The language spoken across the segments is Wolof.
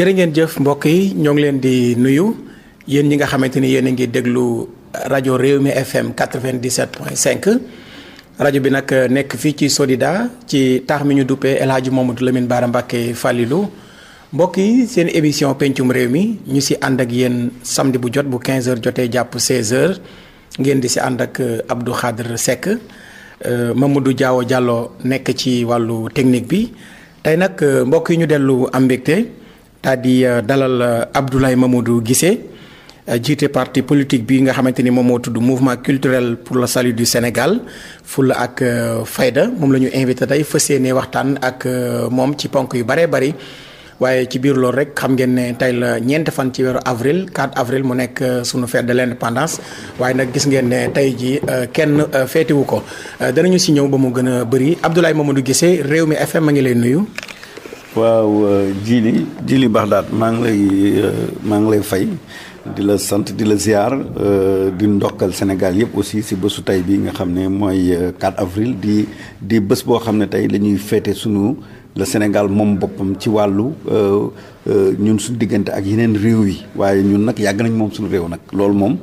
jërë ngeen jëf mbokk yi ñoo ngi leen di nuyu yéen ñi nga xamante ni yéen a ngi déglu rajo réew mi FM 97.5 rajo bi nag nekk fii ci Sodida ci taax mi ñu duppee El Hadj Mamadou Lamine Bara Mbacké mbokk yi seen émission pencum réew mi ñu si ànd ak yéen samedi bu jot bu 15h jotee jàpp 16h ngeen di si ànd ak Abdou Khadre Seck euh, du Diawo jàlloo nekk ci wàllu technique bi tey nag mbokk yi ñu dellu am mbégte. daal di euh, dalal euh, Abdoulaye Mamadou gisee euh, jiite parti politique bi nga xamante ni moom moo tudd mouvement culturel pour le salut du Sénégal fulla ak fayda moom la ñu invité tey fa yéene waxtaan ak moom ci ponk yu baree bari waaye ci biir loolu rek xam ngeen ne tey la ñeent fan ci weeru avril 4 avril mu nekk sunu fête de l'indépendance waaye nag gis ngeen ne tey ji kenn féetewu ko danañu si ñëw ba mu gën a bëri Abdoulaye Mamadou gisee réew mi FM ma ngi lay nuyu. waaw Djily euh, Djily Bagdad maa ngi lay euh, maa ngi lay fay di la sant di la ziar euh, di ndokkal Sénégal yëpp aussi si bésu tey bi nga xam ne mooy 4 avril di di bés boo xam ne tey la ñuy féete sunu le Sénégal moom boppam ci wàllu euh, euh, ñun suñ diggante ak yeneen réew yi waaye ñun nag yàgg nañ moom suñu réew nag loolu moom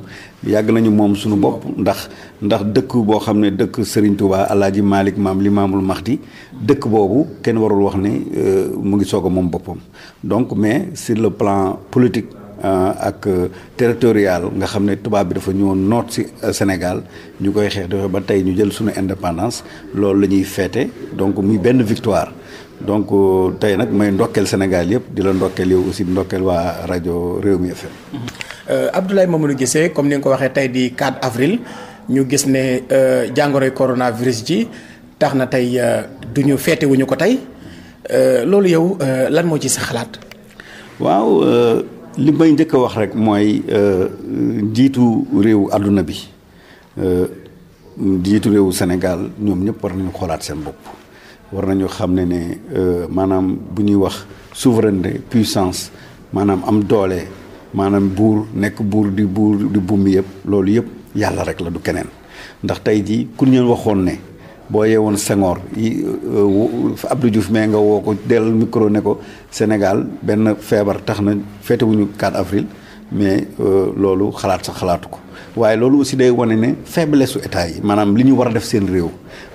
yàgg nañu moom suñu bopp ndax ndax dëkk boo xam ne dëkk Serigne Touba Alaaji Malick maam Limaamul Maxdi dëkk boobu kenn warul wax ne euh, mu ngi soog moom boppam donc mais sur le plan politique ak teritorial nga xam ne tubaab bi dafa ñëwoon noot si Sénégal ñu koy xeex ba tey ñu jël suñu indépendance loolu la ñuy féete donc muy benn victoire donc euh, tey nag may ndokkeel Sénégal yëpp di la ndokkeel yow aussi ndokkeel waa rajo Rewmi FM. Euh, Abdoulaye Mamadou gisee comme ni nga ko waxee tey di 4 avril ñu gis ne euh, jàngoroy coronavirus ji tax na tey du ñu féete ko tey loolu yow lan moo ci sa xalaat. waaw li may njëkk a wax rek mooy jiitu réewu àdduna bi jiitu réewu Sénégal ñoom ñëpp war nañu xoolaat seen bopp. war nañu xam ne ne euh, maanaam bu ñuy wax souveraineté puissance maanaam am doole maanaam buur nekk buur di buur di buum yëpp loolu yëpp yàlla rek la du keneen ndax tey jii ku ñu waxoon ne boo yeewoon Senghor yi euh, Abdou Diouf mais nga woo ko dellu micro ne ko Sénégal benn feebar tax na feetewuñu 4 avril mais euh, loolu xalaat sax xalaatu ko waaye loolu aussi day wane ne faiblesse su état yi maanaam li ñu war a def seen réew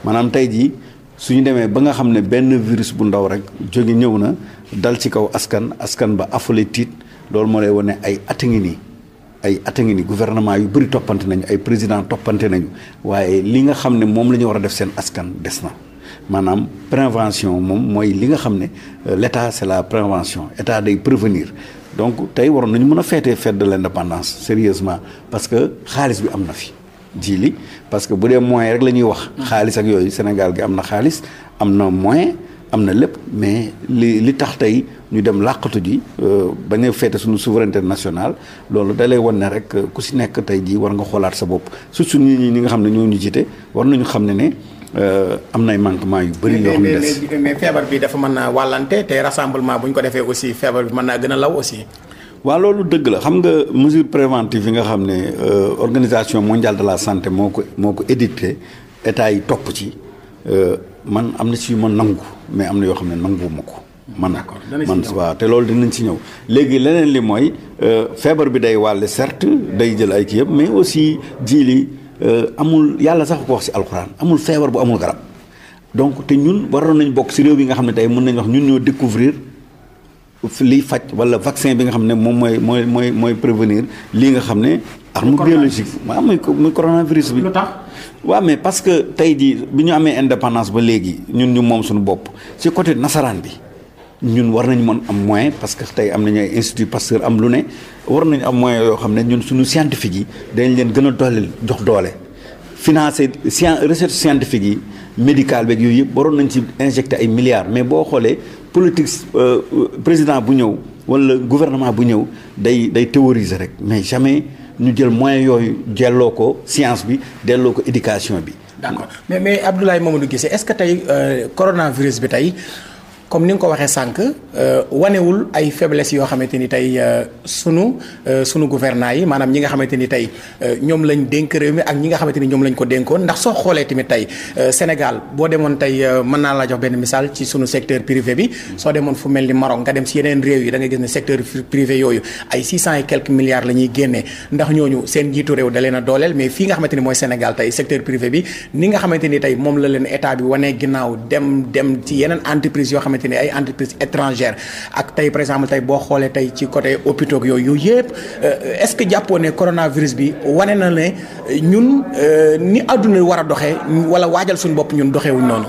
maanaam tey jii. su ñu demee ba nga xam ne benn virus bu ndaw rek jóge ñëw na dal ci kaw askan askan ba afale tiit loolu moo lay wane ay at ngi nii ay at ngi nii gouvernement yu bëri toppante nañu ay président toppante nañu waaye li nga xam ne moom la ñu war a def seen askan des na maanaam prévention moom mooy li nga xam ne euh, l' état la prévention état day prévenir donc tey waroon nañu mun a feetee fête de l' indépendance sérieusement parce que xaalis bi am na fi ji li parce que bu dee moyen rek la ñuy wax. xaalis ak yooyu Sénégal gi am na xaalis am na moyen am na lépp mais li li tax tey ñu dem làqatu ji euh, bañ a féete suñu souveraineté nationale loolu da lay wan ne rek ku si nekk tey jii war nga xoolaat sa bopp surtout ñi ñi nga xam ne ñoo ñu jiite war nañu xam ne ne. Euh, am nay manquement yu bari yoo xam ne mais feebar bi dafa mën naa wàllante te rassemblement bu ñu ko defee aussi feebar bi mën naa gën a law aussi. waa loolu dëgg la xam nga mesure préventive yi nga xam ne euh, organisation mondiale de la santé moo ko moo ko édicté état yi topp ci euh, man am na ci man nangu mais am na yoo xam ne nanguwuma ko man ko man waaw te loolu nañ ci ñëw léegi leneen li mooy euh, feebar bi day wàlle certes day jël ay kii yëpp mais aussi ji li amul yàlla sax ko wax ci alxuraan amul feebar bu amul garab donc te ñun waroon nañ bokk ci réew yi nga xam ne tey mën nañu wax ñun ñoo découvrir liy faj wala vaccin bi nga xam ne moom mooy mooy mooy mooy prévenir lii nga xam ne arme biologique waaw muy muy coronavirus bi lu tax waaw mais parce que tey jii bi ñu amee indépendance ba léegi ñun ñu moom suñu bopp ci côté nasaraan bi ñun war nañ mën am moyen parce que tey am nañu ay institut Pasteur am lu ne war nañu am moyen yoo xam ne ñun suñu scientifique yi dañu leen gën a dooleel jox doole financé science recherche scientifique yi médical beeg yooyu yëpp waroon nañ ci injecté ay milliards mais politique euh, président bu ñëw wala gouvernement bu ñëw day day théoriser rek mais jamais ñu jël moyen yooyu jelloo ko science bi delloo ko éducation bi. d'accord mais mais Abdoulaye Mamadou Guissé est-ce que tey euh, coronavirus bi tey. comme ni nga ko waxee sànq euh, wanewul ay faiblesse yoo xamante ni tey euh, sunu euh, sunu gouvernants yi maanaam ñi nga xamante ni tey ñoom lañ dénk réew mi ak ñi nga xamante ni ñoom lañ ko dénkoon ndax soo xoolee tamit tey Sénégal boo demoon tey mën naa laa jox benn misaal ci sunu secteur privé bi soo demoon fu mel ni Maroc nga dem si yeneen da nga gis ne secteur privé yooyu ay six cent et la ñuy génnee ndax ñooñu seen njiitu leen a mais fii nga xamante ni mooy Sénégal tey secteur privé bi ni nga xamante ni leen état bi wanee ginnaaw dem dem ci yeneen entreprise yoo xamante xamante ne ay entreprises étrangères ak tey par exemple tey boo xoolee tey ci côté hôpitaux yooyu yooyu yëpp euh, est-ce que jàppoo ne coronavirus bi wane na ne euh, ñun euh, ni àdduna war a doxee wala waajal suñu bopp ñun doxewuñ noonu.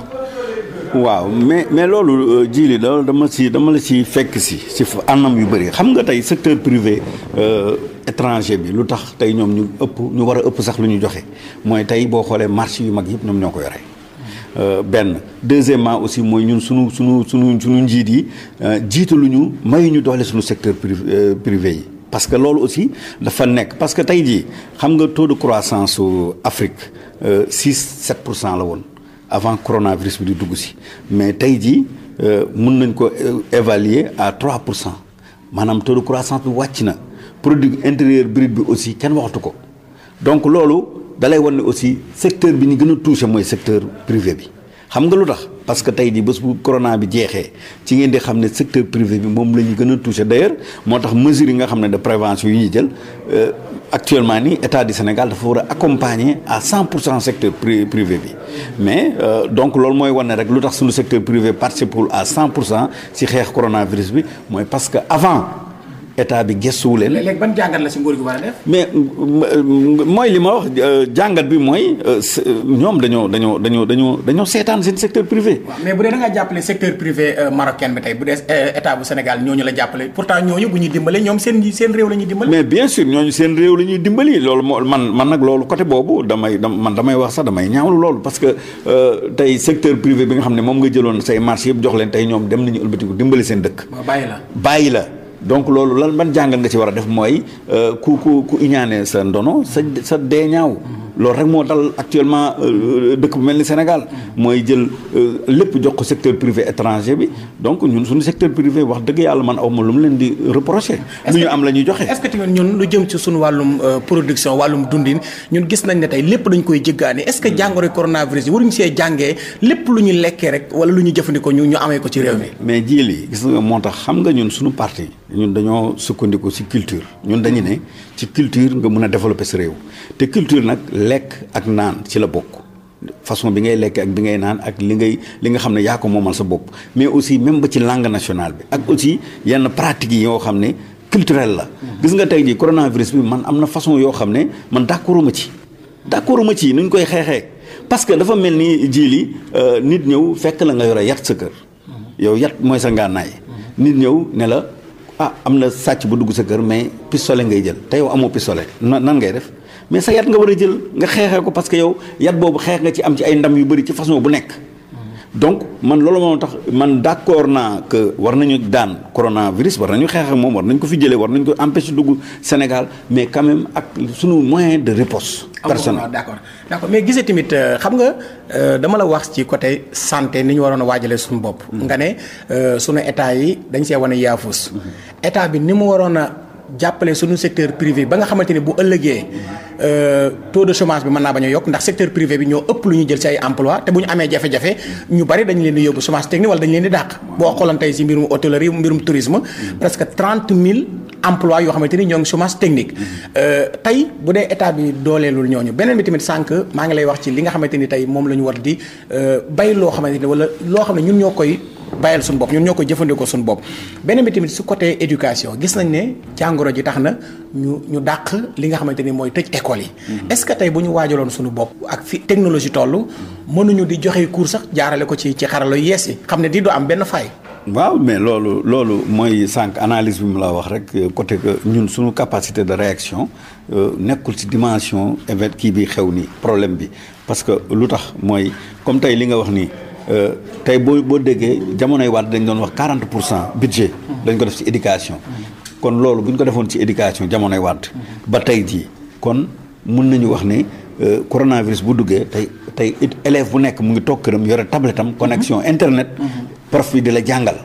waaw mais mais loolu jiili da dama si dama la si fekk si si anam yu bëri xam nga tey secteur privé étranger bi lu tax tey ñoom ñu ëpp ñu war a ëpp sax lu ñu joxe mooy tey boo xoolee marché yu mag yëpp ñoom ñoo ko yore. Euh, benn deuxièmement aussi mooy ñun suñu suñu suñu sunu njiit yi euh, jiitaluñu mayuñu doole suñu secteur euh, privé yi parce que loolu aussi dafa nekk parce que tey jii xam nga taux de croissance su Afrique 6 7 pour cent la woon avant coronavirus bi di dugg si mais tey jii mun nañ ko évaluer à trois pour cent maanaam taux de croissance bi wàcc na produit intérieur brut bi aussi kenn waxtu ko donc loolu dalay wan ne aussi secteur bi ñu gën a touché mooy secteur privé bi xam nga lu tax parce que tey jii bés bu corona bi jeexee ci ngeen di xam ne secteur privé bi moom la ñu gën a touché moo tax mesures yi nga xam ne de prévention yi ñuy jël euh, actuellement nii état du Sénégal dafa war a accompagner à 100 pour cent secteur privé bi mais euh, donc loolu mooy wan ne rek lu tax suñu secteur privé participe à 100 pour cent si xeex coronavirus bi mooy parce que avant état bi gëstuwu leen. léegi ban jàngat la ci nguur gi war mais mooy li ma wax euh, jàngat bi mooy euh, euh, ñoom dañoo dañoo dañoo dañoo dañoo seetaan seen secteur privé. mais bu dee da nga jàppale secteur privé marocain bi tey bu dee état bu Sénégal la jàppale pourtant ñooñu bu ñuy dimbale ñoom seen seen réew la ñuy dimbali. mais ñooñu seen réew la ñuy dimbali loolu moo man man nag loolu côté boobu damay man damay wax sax damay ñaawlu loolu parce que tey secteur privé bi nga xam ne moom nga jëloon say marché yëpp jox leen tey ñoom dem nañu ëlbatiku dimbali seen dëkk. bàyyi la bàyyi la. donc loolu lan ban jàngal nga ci war a def mooy euh, ku ku ku iñaane sa ndono sa sa dee ñaaw loolu rek moo dal actuellement euh, euh, dëkk mel ni Sénégal mooy jël lépp jox ko secteur privé étranger bi donc ñun suñu secteur privé wax dëgg yàlla man aw ma lu mu leen di reprocher lu ñu am la ñuy joxe. est-ce que ñun lu jëm ci suñu wàllum production wàllum dundin ñun gis nañ ne tey lépp dañ koy jéggaane est-ce que mm. jàngoro coronavirus yi waruñu see jàngee lépp lu ñu lekkee rek wala lu ñu jëfandikoo ñu ñu amee ko ci réew mi. mais jii lii moo tax xam nga ñun suñu parti. ñun dañoo sukkandiku ci culture ñun dañu ne ci culture nga mën a développer sa réew te culture nag lekk ak naan ci la bokk façon bi ngay lekk ak bi ngay naan ak li ngay li nga xam ne yaa ko moom moomal sa bopp mais aussi même ba ci langue nationale bi ak aussi yenn pratiques yi yoo xam ne culturel la gis nga tey jii coronavirus bi man am na façon yoo xam ne man d'accorduma ci d'accorduma ci nuñ koy xeexee parce que dafa mel ni jii li euh, nit ñëw fekk la nga yore yat sa kër yow yat mooy sa ngànnaay ah am na sàcc bu dugg sa kër mais pistolet ngay jël te yow amoo pistolet nan nan ngay def mais sa yat nga war a jël nga xeexee ko parce que yow yat boobu xeex nga ci am ci ay ndam yu bëri ci façon bu nekk donc man loolu moo tax man d' naa que war nañu daan coronavirus war nañu xeex ak moom war nañu ko fi jëlee war nañu ko empêcher dugg Sénégal mais quand même ak suñu moyen de riposte personnel d' accord d' accord mais gisee tamit euh, xam nga euh, dama la wax ci côté santé ni ñu waroon a waajalee suñu bopp. Mm-hmm. nga ne euh, sunu état yi dañ see wane yaafus. Mm-hmm. état bi ni mu waroon jàppale suñu secteur privé ba nga xamante ni bu ëllëgee euh, taux de chômage bi mën naa bañ yokk ndax secteur privé bi ñoo ëpp lu ñu jël ci ay emploi te bu ñu amee jafe-jafe ñu bari dañ leen di yóbbu chômage technique wala dañ leen di dàq boo xooloon tey ci mbirum hôtellerie mbirum tourisme presque mille emploi yoo xamante ni ñoo ngi technique euh, tey bu dee état bi dooleelul ñooñu beneen bi tamit sànq maa ngi lay wax ci li nga xamante ni tey moom la ñu war di euh, bay loo xamante ni wala loo xam ne ñun ñoo koy bàyyal suñu bopp ñun ñoo ko jëfandikoo suñu bopp beneen bi tamit su côté éducation gis nañ ne jàngoro ji tax na ñu ñu dàq li nga xamante ni mooy tëj école yi mm-hmm. est-ce que tey bu ñu waajaloon suñu bopp ak fi technologie toll mënuñu di joxe cours sax jaarale ko ci ci xarala yees yi xam ne di du am benn fay waaw mais loolu loolu mooy sànq analyse bi mu la wax rek côté que ñun suñu capacité de réaction euh, nekkul si dimension événement kii bii xew nii problème bi parce que lu tax mooy comme tey li nga wax nii Euh, tey boo boo déggee jamonoy Wade dañu doon wax quarante pour cent budget dañ ko def ci éducation kon loolu bu ñu ko defoon ci éducation jamonoy Wade ba tey jii kon mun nañu wax ni euh, coronavirus bu duggee tey tey élève bu nekk mu ngi toog këram yore tablette am connexion internet prof bi di la jàngal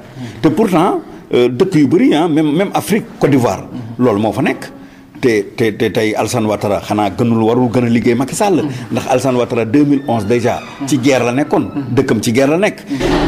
te pourtant euh, dëkk yu bëri ah même même Afrique Côte d'Ivoire loolu moo fa nekk te te te tey Alassane Ouattara xanaa gënul warul gën a liggéey Macky Sall ndax Alassane Ouattara 2011 déjà ci guerre la nekkoon dëkkam ci guerre la nekk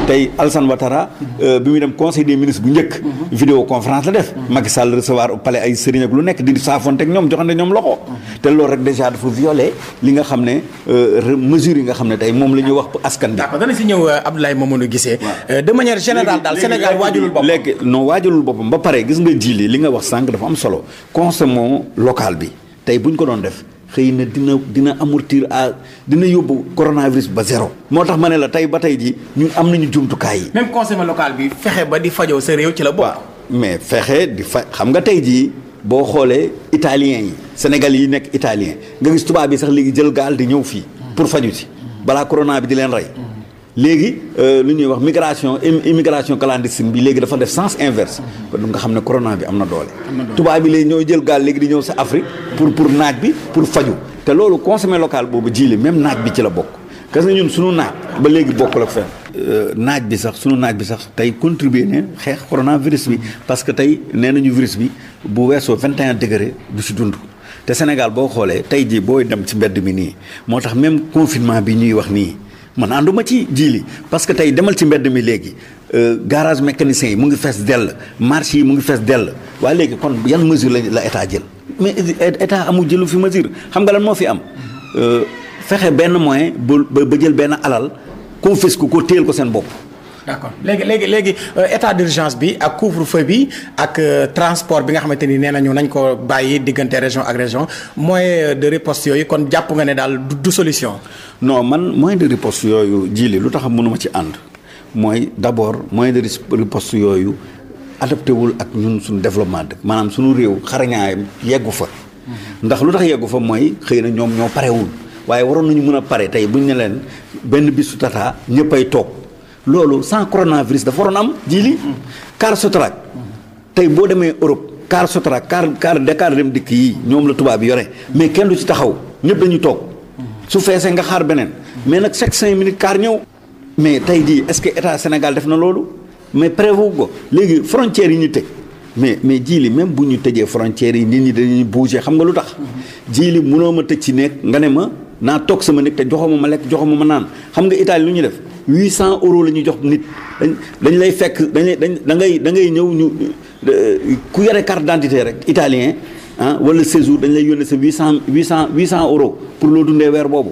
tey Alassane Ouattara euh, bi muy dem conseil des ministres bu njëkk vidéo conférence la def Macky Sall recevoir au palais ay sëriñ lu nekk di saafonte ak ñoom joxante ñoom loxo te lool rek déjà dafa violé li nga xam ne euh, mesures yi nga xam ne tey moom la ñuy wax askan bi d'accord dana si ñëw euh, Abdoulaye Mamadou Guissé de manière générale daal Sénégal waajalul boppam léegi non waajalul boppam ba pare gis nga ji li li nga wax sànq dafa am solo gestion locale bi tey bu ñu ko doon def xëy na dina dina amortir à dina yóbbu coronavirus ba zéro. moo tax ma ne la tey ba tey ji ñu am nañu jumtukaay yi. même conseil local bi fexe ba di fajoo sa réew ci la bokk. mais fexe di fa xam nga tey jii boo xoolee italiens yi Sénégal yi nekk italien nga gis tubaab bi sax léegi jël gaal di ñëw fii. pour faju ci balaa corona bi di leen rey. léegi euh, lu ñuy wax migration immigration clandestine bi léegi dafa def sens inverse du nga xam ne corona bi am na doole tubaab bi léegi ñoo jël gaal léegi di ñëw sa Afrique pour pour naaj bi pour faju te loolu consommé local boobu jiile même naaj bi ci la bokk gis nga ñun suñu naaj ba léegi bokkul ak fenn euh, naaj bi sax suñu naaj bi sax tey contribuer ne xeex coronavirus bi parce que tey nee nañu virus bi bu weesoo 21 degré du si dundu te Sénégal boo xoolee tey jii booy dem ci mbedd mi nii moo tax même confinement bi ñuy wax nii man ànduma ci jiili parce que tey demal ci mbedd mi léegi euh, garage mécanicien yi mu ngi fees dell marché yi mu ngi fees dell waaye léegi kon yan mesure la état jël mais état amul jëlu fi mesure xam nga lan moo fi am euh, fexe benn moyen ba ba jël benn alal confisque ko téyel ko seen bopp d'accord léegi léegi léegi euh, état d'urgence bi ak couvre-feu bi ak euh, transport bi nga xamante ni nee nañu nañ ko bàyyi diggante région ak région moyen euh, de riposte yooyu kon jàpp nga ne daal du solution. non man moyen de riposte yooyu jiili lu tax mënuma ci ànd mooy d'abord moyen de riposte yooyu adapté wul ak ñun suñu développement dëkk maanaam suñu réew xarañaayam yeggu fa. Mhm. ndax lu tax yeggu fa mooy xëy na ñoom ñoo parewul waaye waroon nañu mën a pare tey bu buñ ne leen benn bisu tata ñëppay toog. loolu sans coronavirus dafa waroon am jiili li car tey boo demee Europe car Sotrac car car Dakar dem dikk yi ñoom la tubaab yi yore mais kenn du ci taxaw ñëpp dañuy toog su feesee nga xaar beneen mais nag chaque cinq minutes car ñëw mais tey jii est-ce que état Sénégal def na loolu mais prévu ko léegi frontières yi ñu tëj mais mais jii li même bu ñu tëjee frontières yi nit ñi dañuy bouger xam nga lu tax jii li munoo ma tëj ci nekk nga ne ma naa toog sama nekk te joxoo ma ma lekk joxoo ma ma naan xam nga Italie lu ñu def 800 euros la ñuy jox nit dañ dañ lay fekk dañ dañ da ngay da ngay ñëw ñu ku yare carte d'identité rek italien ah wala séjour dañ lay yónnee sa 800 800 800 euros pour loo dundee weer boobu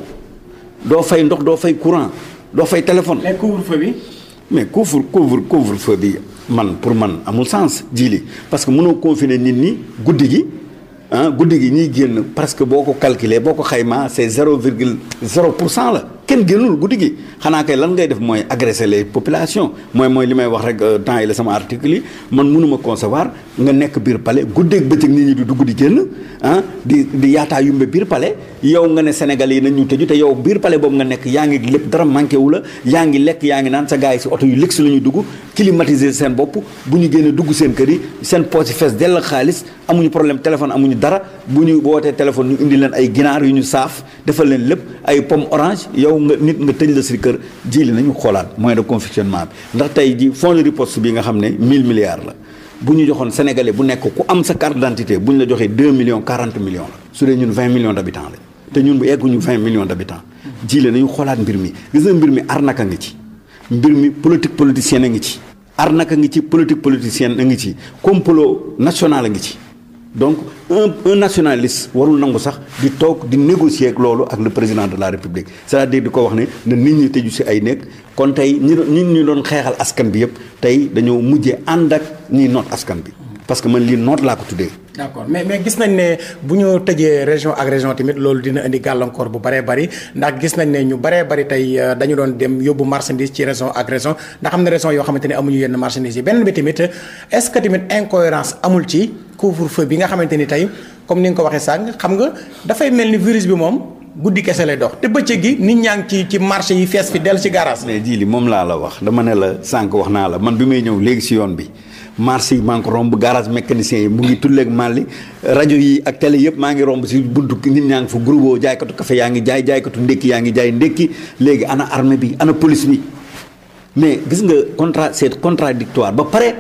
doo fay ndox doo fay courant doo fay téléphone. mais couvre-feu bi. mais couvre couvre couvre-feu bi man pour man amul sens ji parce que mënoo confiner nit ñi guddi gi. ah guddi gi ñuy génn parce que boo ko calculer boo ko xayma c'est zéro virgule zéro pour cent la kenn génnul guddi gi xanaa kay lan ngay def mooy agresser les populations mooy mooy li may wax rek euh, temps yi la sama article yi man mënuma concevoir nga nekk biir palais guddeeg bëccëg nit ñi di dugg di génn ah di di yaataa yumbe biir palais yow nga ne Sénégal yi nañu tëju te yow biir palais boobu nga nekk yaa ngi lépp dara manqué wu yaa ngi lekk yaa ngi naan sa gars yi si oto yu luxe la ñuy dugg climatiser bopp bu ñu génnee dugg seen kër yi seen poche fees dell xaalis amuñu problème téléphone amuñu dara bu ñu wootee téléphone ñu indi leen ay ginaar yu ñu saaf defal leen lépp ay pomme orange yow yow nga nit nga tëj la si kër ji li nañu xoolaat moyen de confectionnement bi ndax tey ji fonds de riposte bi nga xam ne mill milliards la bu ñu joxoon sénégalais bu nekk ku am sa carte d'identité bu ñu la joxee 2 millions 40 millions la su dee ñun 20 millions d'habitants lañ te ñun bu egguñu 20 millions d'habitants ji li nañu xoolaat mbir mi gis na mbir mi arnaque a ngi ci mbir mi politique politicienne a ngi ci arnaque ngi ci politique politicienne a ngi ci complot national ngi ci donc un un nationaliste warul nangu sax di toog di négocier ak loolu ak le président de la république c'est-à-dire di ko wax ne na nit ñi tëju ci ay néeg kon tey ñi ñi ñu doon xeexal askan bi yëpp tey dañoo mujjee ànd ak nii noot askan bi parce que man lii noot laa ko tuddee d' accord mais mais gis nañ ne bu ñu tëjee région ak région loolu dina indi gàllankoor bu baree bari ndax gis nañ ne ñu baree bari tey euh, dañu doon dem yóbbu marchandise ci région ak région ndax na région yoo xamante ne amuñu yenn marchandise yi benn bi tamit est ce que tamit amul ci couvre-feu bi nga xamante ni tey comme ni nga ko waxee sànq xam nga dafay mel ni virus bi moom guddi kese lay dox te bëccëg gi nit ñaa ngi ci ci marché yi fees fi dellu ci garage mais ji li moom laa la wax dama ne la sànq wax naa la man bi may ñëw léegi si yoon bi marché yi maa ngi ko romb garage mécanicien yi mu ngi tulleeg mali rajo yi ak télé yëpp maa ngi romb si buntu nit ñaa ngi fa groupoo jaaykatu kafe yaa ngi jaay jaaykatu ndékki yaa ngi jaay ndékki léegi ana armée bi ana police bi mais gis nga contra c'est contradictoire ba pare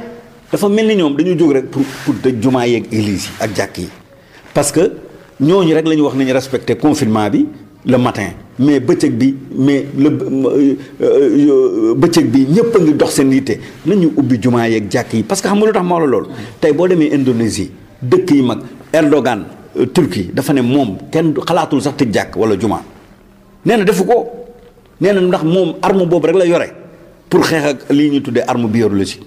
dafa mel ni ñoom dañu jóg rek pour pour tëj jumaa yeeg église yi ak jàkk yi parce que ñooñu rek la ñu wax nañu respecté confinement bi le matin mais bëccëg bi mais le euh, euh, euh, bëccëg bi ñëpp a ngi dox seen yitte nañu ubbi jumaa yeeg jàkk yi parce que xam nga lu tax ma la loolu tey boo demee Indonésie dëkk yi mag Erdogan Turquie dafa ne moom kenn xalaatul sax tëj jàkk wala jumaa nee na defu ko nee na ndax moom arme boobu rek la yore pour xeex ak lii ñu tuddee arme biologique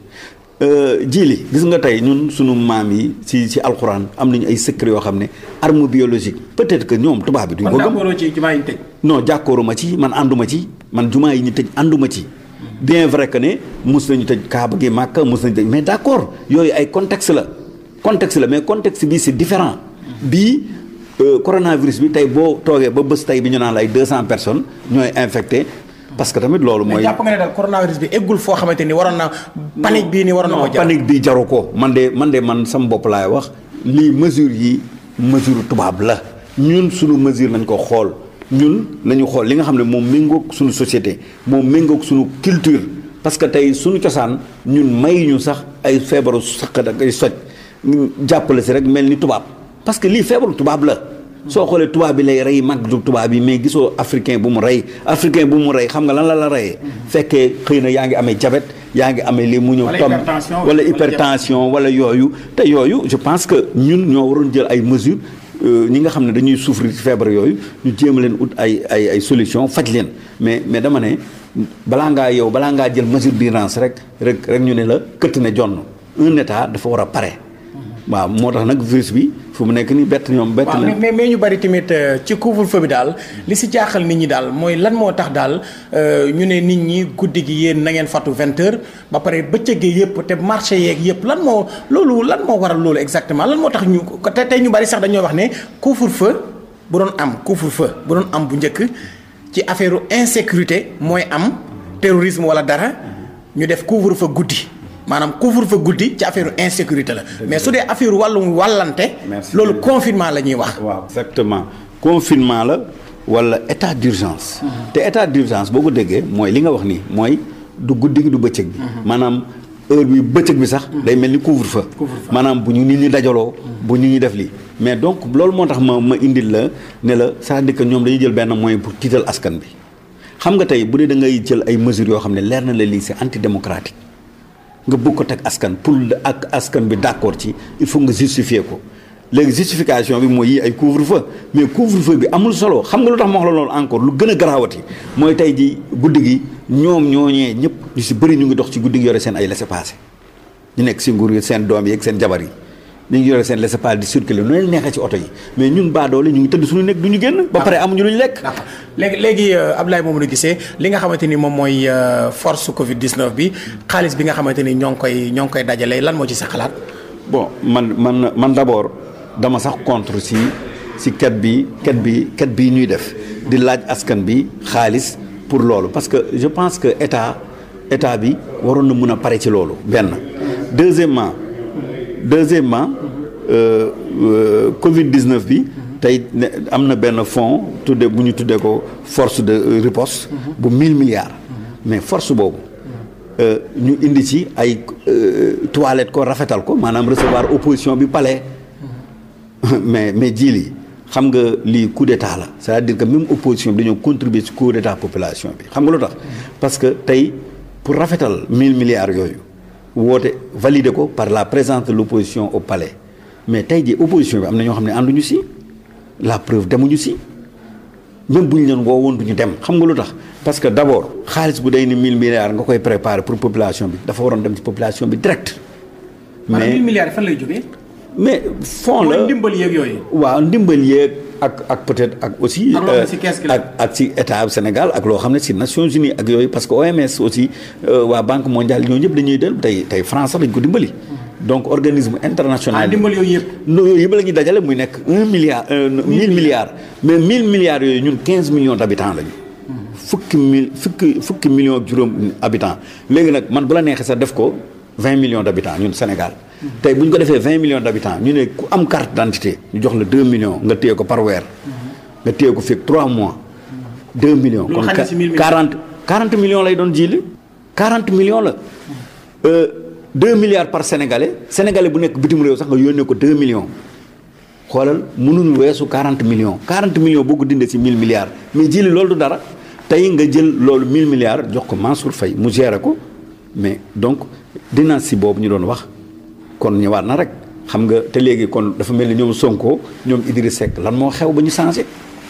jii euh, jili gis nga tey ñun suñu maam yi ci ci alxuraan am nañu ay secret yoo xam ne arme biologique peut-être que ñoom tubaab bi duñ ko gëm ci jumaa yi ñu teg non jàkkooru ma ci man ànduma ci man jumaa yi ñu teg ànduma ci bien vrai que ne mos nañu tëj kaaba gi màkka mos nañu tëj mais d'accord yooyu ay contexte la contexte la mais contexte bi si différent bii euh, coronavirus bi tey boo toogee ba bés tey bi ñu naan la ay deux cent personnes ñooy infecté parce que tamit loolu mooy. mais jàpp nga ne daal coronavirus bi eggul foo xamante ni waroon na. panique bii nii waroon na ko jar panique bi jaru ko. man de man de man sama bopp laay wax lii mesure yi mesure tubaab la ñun suñu mesure nañ ko xool ñun nañu xool li nga xam ne moom méngook suñu société moom méngoog suñu culture. parce que tey suñu cosaan ñun may ñu sax ay feebaru saq ak ay soj jàppale si rek mel ni tubaab parce lii feebaru tubaab la. soo xoolee tubaab bi lay rey mag du tubaab bi mais gisoo africain bu mu rey africain bu mu rey xam nga lan la la reyee fekkee xëy na yaa ngi amee jabet yaa ngi amee lii mu ñëw tom wala hypertension wala yooyu te yooyu je pense que ñun ñoo waroon jël ay mesures euh, ñi nga xam ne dañuy souffrir feebar yooyu ñu jéem leen ut ay ay ay solution faj leen mais mais dama ne balaa ngaa yow balaa ngaa jël mesure d'urgence rek rek rek ñu ne la këtt ne jonn un état dafa war a pare nag virus bi fu mu nekk nii bett ñoom bett la mais mais ñu bari tamit euh, ci couvre-feu bi daal li si jaaxal nit ñi daal mooy lan moo tax daal euh, ñu ne nit ñi guddi gi yéen na ngeen fàttu vingt heures ba pare bëccëg yëpp te marché yeeg yëpp lan moo loolu lan moo waral loolu exactement lan moo tax ñu te tey ñu bari sax dañoo wax ne couvre-feu bu doon am couvre-feu bu doon am bu njëkk ci affaire insécurité mooy am terrorisme wala dara ñu def couvre-feu guddi. maanaam couvre-feu guddi ci affaire insécurité la mais su dee affaire wàllum wàllante loolu confinement la ñuy wax waaw exactement confinement la wala état d'urgence mhm. te état d'urgence boo ko déggee mooy li nga wax nii mooy du guddi du bëccëg bi mhm. maanaam heure bi bëccëg bi sax mhm. day mel ni couvre-feu maanaam bu ñu nit ñi dajaloo bu ñu ñi def lii mais donc loolu moo tax ma ma indil la ne la c'est-à-dire ñoom dañuy jël benn moyen pour tiital askan bi xam nga tey bu dee da ngay jël ay mesures yoo xam ne leer na la lii c'est antidémocratique nga bugg ko teg askan pour ak askan bi d'accord ci il faut nga justifier ko léegi justification bi mooy yi ay couvre-feu mais couvre-feu bi amul solo xam nga lu tax moo wax la loolu encore lu gën a garaawati mooy tey ji guddi gi ñoom ñooñee ñëpp ñu si bëri ñu ngi dox ci guddi gi yore seen ay laissez-passer ñu nekk si nguur gi seen doom yi ak seen jabar yi ñu ngi yore seen laissez-passer di circuler noonu neexee ci oto yi mais ñun baadoole ñu ngi tëdd suñu nekk du ñu génn. ba pare amuñu ñu ñu lekk. léegi léegi euh, Abdoulaye Mamadou gisee li nga xamante ni moom mooy euh, force Covid 19 bi xaalis bi nga xamante ni ñoo ngi koy ñoo ngi koy dajale lan moo ci sa xalaat. bon man man man d'abord dama sax contre si si ket bi ket bi ket bii ñuy def di laaj askan bi xaalis pour loolu parce que je pense que état état bi waroon na mun a pare ci loolu benn deuxièmement deuxièmement euh, euh, Covid 19 bi. tey am na benn fonds tuddee bu ñu tuddee ko force de riposte. bu 1000 milliards. mais force boobu. Euh, ñu indi si ay toilette ko rafetal ko maanaam recevoir opposition bi palais. mais mais jii lii xam nga lii coup d'état la c'est-à-dire que même opposition bi dañoo contribuer ci coup d'état population bi xam nga lu tax. parce que tey pour rafetal 1000 milliards yooyu. woote valider ko par la présence de l'opposition au palais mais tey jii opposition bi am na ñoo xam ne ànduñu si la preuve demuñu si même bu ñu leen woo woon duñu dem xam nga lu tax parce que d'abord xaalis bu day ni 1000 milliards nga koy préparer pour population bi dafa waroon dem ci population bi direct. mais 1000 milliards fan lay jubee mais fond la ndimbal yeeg yooyu. waaw ndimbal yeeg ak ak peut-être ak aussi. Euh, ak si ci état Sénégal ak loo xam ne si Nations Unies ak yooyu parce que OMS aussi euh, waa banque mondiale yooyu ñëpp dañuy del tey tey France sax dañ ko dimbali. donc organisme international. Ah, dimbali yooyu yëpp. yooyu yëpp la ñuy dajale muy nekk un milliard. mille mais mille milliards yooyu ñun quinze millions d'habitants lañu. fukki mil fukki fukki millions juróom habitants léegi nag man bu la neexee sax def ko vingt millions d'habitants ñun Sénégal. tey bu ñu ko defee vingt millions d' habitants ñu ne ku am carte d' ñu jox la deux millions nga téye ko par weer. nga téye ko fekk trois mois. deux millions kon quarante quarante millions lay doon jiili. quarante million la. Euh, deux milliards par sénégalais sénégalais bu nekk bitim réew sax nga yónnee ko deux millions. xoolal mënul weesu quarante million quarante millions boo ko dindee si mille milliards mais jili loolu dara tey nga jël loolu mille milliards jox ko Mansour fay mu géré ko mais donc dina si boobu ñu doon wax. kon ñëwaat na rek xam nga te léegi kon dafa mel ni ñoom Sonko ñoom Idriss Seck lan moo xew ba ñu changé.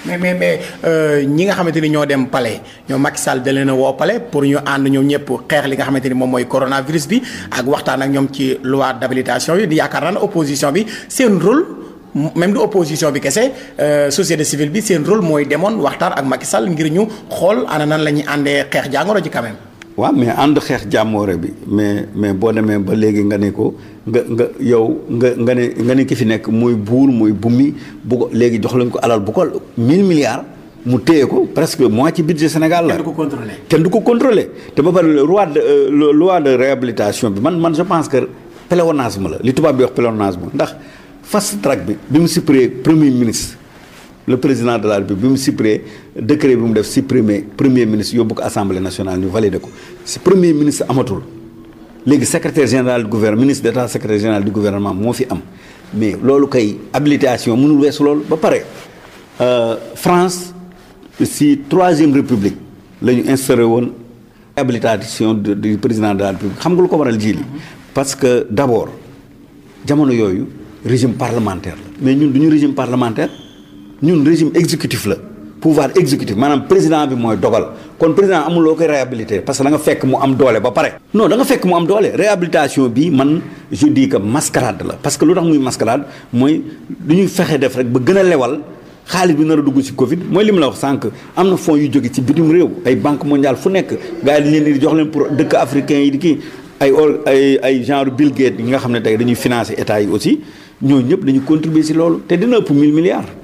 mais mais euh, ñi nga xamante ni ñoo dem pale ñoo Macky Sall da leen a woo palais pour ñu ànd ñoom ñëpp xeex li nga xamante ni moom mooy coronavirus bi ak waxtaan ak ñoom ci loi d'habilitation yi yaakaar naa ne opposition bi seen rôle. même du opposition bi kese euh, société civile bi seen rôle mooy demoon waxtaan ak Macky Sall ngir ñu xool ana nan la ñuy àndee xeex jàngoro ji quand waaw mais ànd xeex jàmmoore bi mais mais boo demee ba léegi nga ne ko nga nga yow nga nga ne nga ne ki fi nekk muy buur muy bumi bu ko léegi jox lañ ko alal bu ko mille milliards mu téye ko presque moitié budget Sénégal la. kenn du ko contrôler kenn du ko contrôler te ba pare loi de euh, loi de réhabilitation bi man man je pense que pléonasme la li tubaab bi wax pléonasme ndax fast track bi bi mu supprimé premier ministre le président de la bi mu supprimé décret bi mu def supprimer premier ministre yóbbu ko assemblée nationale ñu validé ko si premier ministre amatul léegi secrétaire général du gouvernement ministre d'état secrétaire général du gouvernement moo fi am mais loolu kay habilitation mënul weesu loolu ba pare euh, France si troisième république la ñu instauré woon habilitation du président de la république xam nga lu ko waral jii li parce que d'abord jamono yooyu régime parlementaire la mais ñun du ñu régime parlementaire ñun régime exécutif la pouvoir exécutif maanaam président bi mooy dogal kon président amuloo loo koy réhabilité parce que da nga fekk mu am doole ba pare. no da nga fekk mu am doole réhabilitation bi man je dis que mascarade la parce que lu tax muy mascarade mooy lu ñuy fexe def rek ba gën a lewal. xaalis bi nar a dugg ci Covid mooy li mu la wax sànq am na fonds yu jóge ci bitim réew ay banque mondiale fu nekk gars leen di jox leen pour dëkk africain yi di kii ay ay ay genre Bill Gates yi nga xam ne tey dañuy financer état yi aussi ñooñu ñëpp dañuy contribuer ci loolu te dina ëpp 1000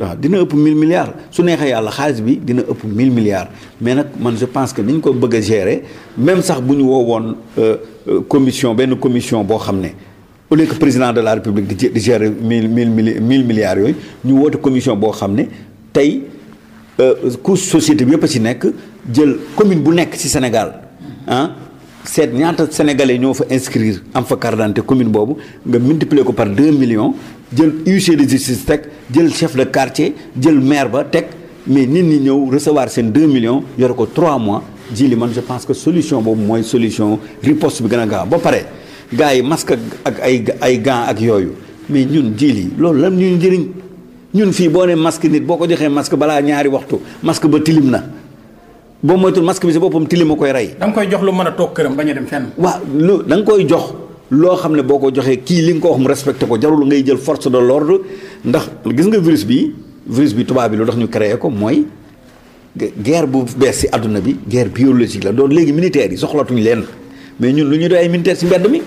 waaw dina ëpp 1000 milliards su neexee yàlla xaalis bi dina ëpp 1000 milliards mais nag man je pense que ni ñu ko bëgg a gérer même sax bu ñu woo woowoon euh, euh, commission benn commission boo xam ne au lieu que président de la république di gérer 1000 1000 1000 milliards yooyu ñu woote commission boo xam ne tey euh, ku société bi yëpp a ci nekk jël commune bu nekk ci Sénégal ah seet ñaata sénégalais ñoo fa inscrire am fa carte d'identité commune boobu nga multiplier ko par 2 millions. jël huissier de justice teg jël chef de quartier jël maire ba teg mais nit ñi ñëw recevoir seen deux millions yore ko trois mois ji li man je pense que solution boobu mooy solution ripost bi gën a gaaw ba pare gars yi masque ak ay ay gants ak yooyu mais ñun jii li loolu lan ñuy njëriñ ñun fii boo ne masque nit boo ko joxee masque balaa ñaari waxtu masque ba tilim na. boo moytul masque bi si boppam tilima koy rey. da nga koy jox lu mën a toog këram bañ a dem fenn. waaw lu da nga koy jox loo xam ne boo ko joxee kii li nga ko wax mu respecté ko jarul ngay jël force de l'ordre ndax gis nga virus bi virus bi tubaab bi lu tax ñu créé ko mooy guerre bu bees si àdduna bi guerre biologique la doon léegi militaires yi soxlatuñ leen mais ñun lu ñu doy ay militaire si mbedd mi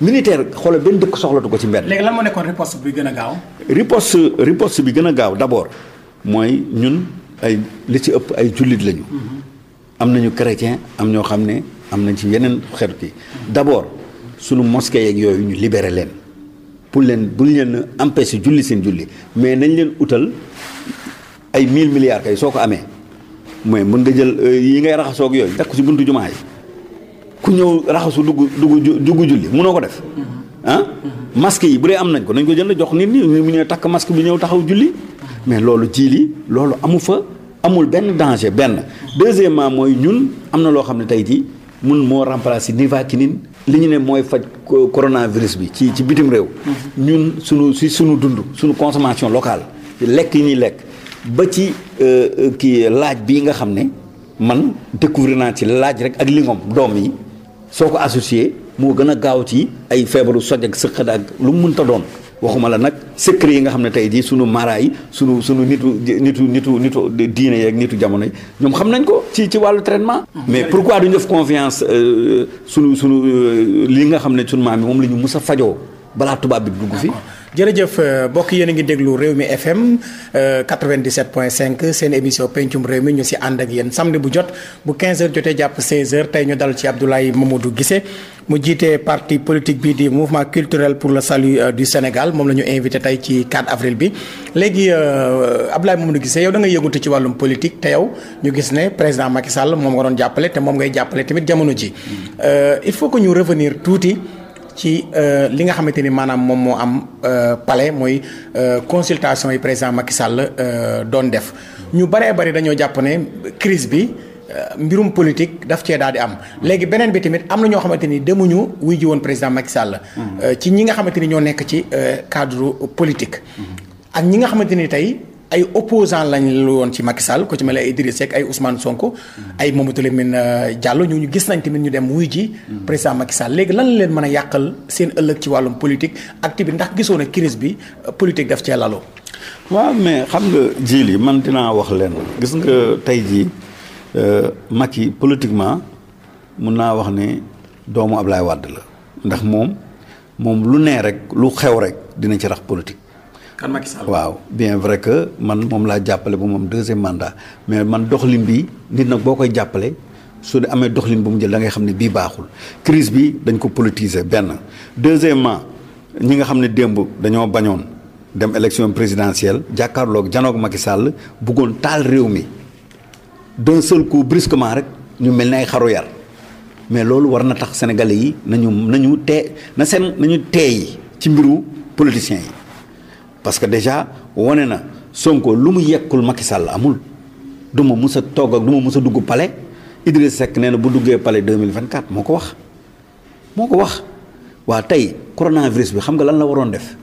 militaire xoolal benn dëkk soxlatu ko ci mbedd. léegi lan moo nekkoon riposte bi gën a gaaw. riposte riposte bi gën a gaaw d'abord mooy ñun ay li ci ëpp ay jullit lañu. Mm-hmm. am nañu chrétien am ñoo xam ne am nañ ci yeneen xeetu kii d'abord. sunu mosquée yeeg yooyu ñu libéré leen pour leen bu ñu leen empêché julli seen julli mais nañ leen utal ay mille milliards kay soo ko amee mais mun nga jël euh, yi ngay raxasoo ak yooyu takk si buntu jumaa yi ku ñëw raxasu dugg dugg dugg julli mënoo ko def ah masque yi bu dee am nañ ko nañ ko jënd jox nit ñi mu ñëw takk masque bi ñëw taxaw julli mais loolu ji li loolu amu fa amul benn danger benn deuxièmement mooy ñun am na loo xam ne tey jii mun moo remplacer nivaquine li ñu ne mooy faj coronavirus bi ci ci bitim réew. Mm-hmm. ñun sunu si sunu dund sunu consommation locale lekk yi ñuy lekk ba ci euh, euh, kii laaj bi nga xam ne man découvrir naa ci laaj rek ak lingom doom yi soo ko associé moo gën a gaaw ci ay feebaru soj ak sëqat ak lu mu doon. waxuma la nag secret yi nga xam ne tey jii sunu mara yi sunu sunu nitu nitu nitu nitu diine yeeg nitu jamono yi ñoom xam nañ ko ci ci wàllu traitement. Mm-hmm. mais pourquoi duñu def confiance euh, sunu sunu euh, li nga xam ne sunu maam yi moom la ñu mus a fajoo balaa tubaab bi dugg fi. jërëjëf euh, mbokk yéen a ngi déglu réew mi FM 97.5 seen émission pencum réew mi ñu si ànd ak yéen samedi bu jot bu 15h jotee jàpp 16h tey ñu dal ci Abdoulaye Mamadou gise mu jiite parti politique bi di mouvement culturel pour le salut euh, du Sénégal moom la ñu invité tey ci 4 avril bi léegi euh, Abdoulaye Mamadou Guissé yow da nga yëngatu ci wàllum politique te yow ñu gis ne président Macky Sall moom nga doon jàppale te moom ngay jàppale tamit jamono ji il faut que ñu revenir tuuti. ci euh, li nga xamante ni maanaam moom moo am euh, pale mooy euh, consultation yi président Macky Sall doon def ñu baree bari dañoo jàpp ne crise bi mbirum politique daf cee daal di am léegi beneen bi tamit am na ñoo xamante ni demuñu wuy woon président Macky Sall. Mm-hmm. ci ñi nga xamante ni ñoo nekk ci cadre politique. Mm-hmm. ak ñi nga xamante ni tey. ay opposants lañ lu woon ci Macky Sall ku ci mel ay Idriss Seck ay Ousmane Sonko. ay Mamadou Lamine euh, ñoo ñu gis nañ tamit ñu dem wuy ji. président Macky Sall léegi lan la leen mën a yàqal seen ëllëg ci wàllum politique ak tamit ndax gisoo ne crise bi euh, politique daf cee laloo. waaw mais xam nga ji li man dinaa wax leen gis nga tey jii euh, Macky politiquement mun naa wax ni doomu Ablaye Wade la ndax moom moom lu nee rek lu xew rek dina ci rax politique. kan Macky waaw bien vrai que man moom laa jàppale bu moom deuxième mandat mais man doxalin bi nit nag boo koy jàppale su dee amee doxalin bu mu jël da ngay xam ne bii baaxul crise bi dañ ko politiser benn deuxièmement ñi nga xam ne démb dañoo bañoon dem élection présidentielle jàkkaarloog janoog Macky sàll buggoon taal réew mi d'un seul coup brusquement rek ñu mel ni ay xaru yar mais loolu war na tax sénégalais yi nañu nañu tee na seen nañu teey ci mbiru politiciens yi parce que déjà wane na Sonko lu mu yekkul Macky Sall amul du ma mus a togg ak du ma mus a dugg palais Idriss Seck nee na bu duggee palais 2024 moo ko wax moo ko wax waa tey coronavirus bi xam nga lan la waroon def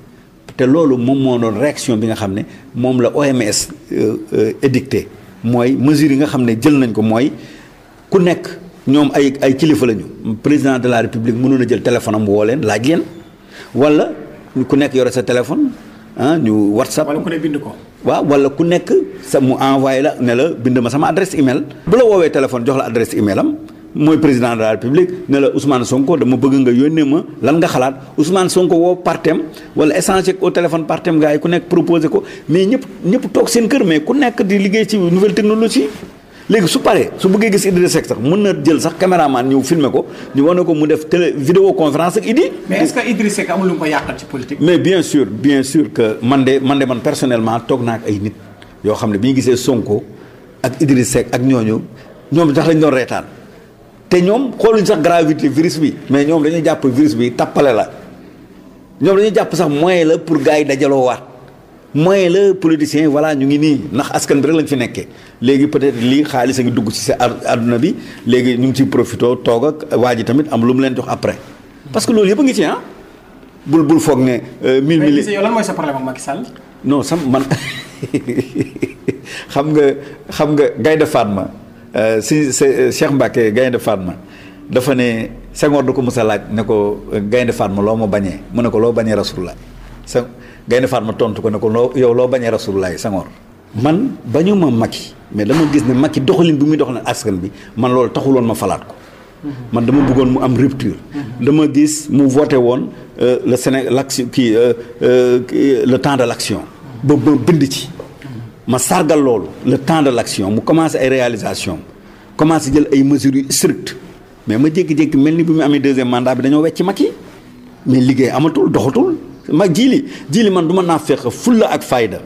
te loolu moom moo doon réaction bi nga xam ne moom la OMS euh, euh, édicté mooy mesure yi nga xam ne jël nañ ko mooy ku nekk ñoom ay ay kilifa lañu président de la république mënoon a jël téléphone am woo leen laaj leen walla ku nekk yore sa téléphone ah ñu whatsapp. wala ku ne ko. waaw wala ku nekk sa mu envoyé la ne la bind ma sama adresse email. bu la woowee téléphone jox la adresse email am mooy président de la république ne la Ousmane Sonko dama bëgg nga yónnee ma lan nga xalaat Ousmane Sonko woo partem wala échanger au téléphone partem gars yi ku nekk proposé ko mais ñëpp ñëpp toog seen kër mais ku nekk di liggéey ci nouvelle technologie. léegi su paree su bëggee gis Idrissa Seck sax mën na jël sax caméraman ñëw filmer ko ñu wane ko mu def télé vidéo conférence ak Idi. mais est-ce que Idrissa mais bien sûr bien sûr que man de man de man personnellement toog naa ak ay nit yoo xam ne bi ñu gisee Sonko ak Idrissa Seck ak ñooñu ñoom tax lañ doon reetaan te ñoom xooluñ sax gravité virus bi mais ñoom dañuy jàpp virus bi tappale la ñoom dañuy jàpp sax moyen la pour gars yi dajaloo waat moyen la politicien voilà ñu ngi nii ndax askan bi rek lañ fi nekkee léegi peut-être lii xaalis a ngi dugg ci sa adduna bi léegi ñu ngi ciy profitoo toog ak waa ji tamit am lu mu leen jox après. parce que loolu yëpp a ngi ci ah. bul bul foog ne. 1000 euh, millions mais yow sa problème ak Macky Sall. sam man xam nga xam nga Gaynde Fatma euh, si Cheikh Mbacké Gaynde Fatma dafa ne Senghor da ko mës a laaj ne ko euh, Gaynde ma loo ma bañee mu ne ko loo bañee Rasulullah Gaynde ma tontu ko ne ko loo yow loo bañee Rasulullah Senghor man ba ñu ma Macky mais dama gis ne Macky doxalin bi muy doxalin askan bi man loolu taxuloon ma falaat ko. man dama bëggoon mu am rupture. dama gis mu voté woon euh, le Sénégal l'action kii euh, euh, le temps de l'action. ba ba bind ci. ma sargal loolu le temps de l'action mu commencé ay réalisation commencé jël ay mesures yu strictes mais ma jékki-jékki mel ni bi mu amee deuxième mandat bi dañoo wecc Macky mais liggéey amatul doxatul. ma jiili jiili man du ma naa fexe fulla ak fayda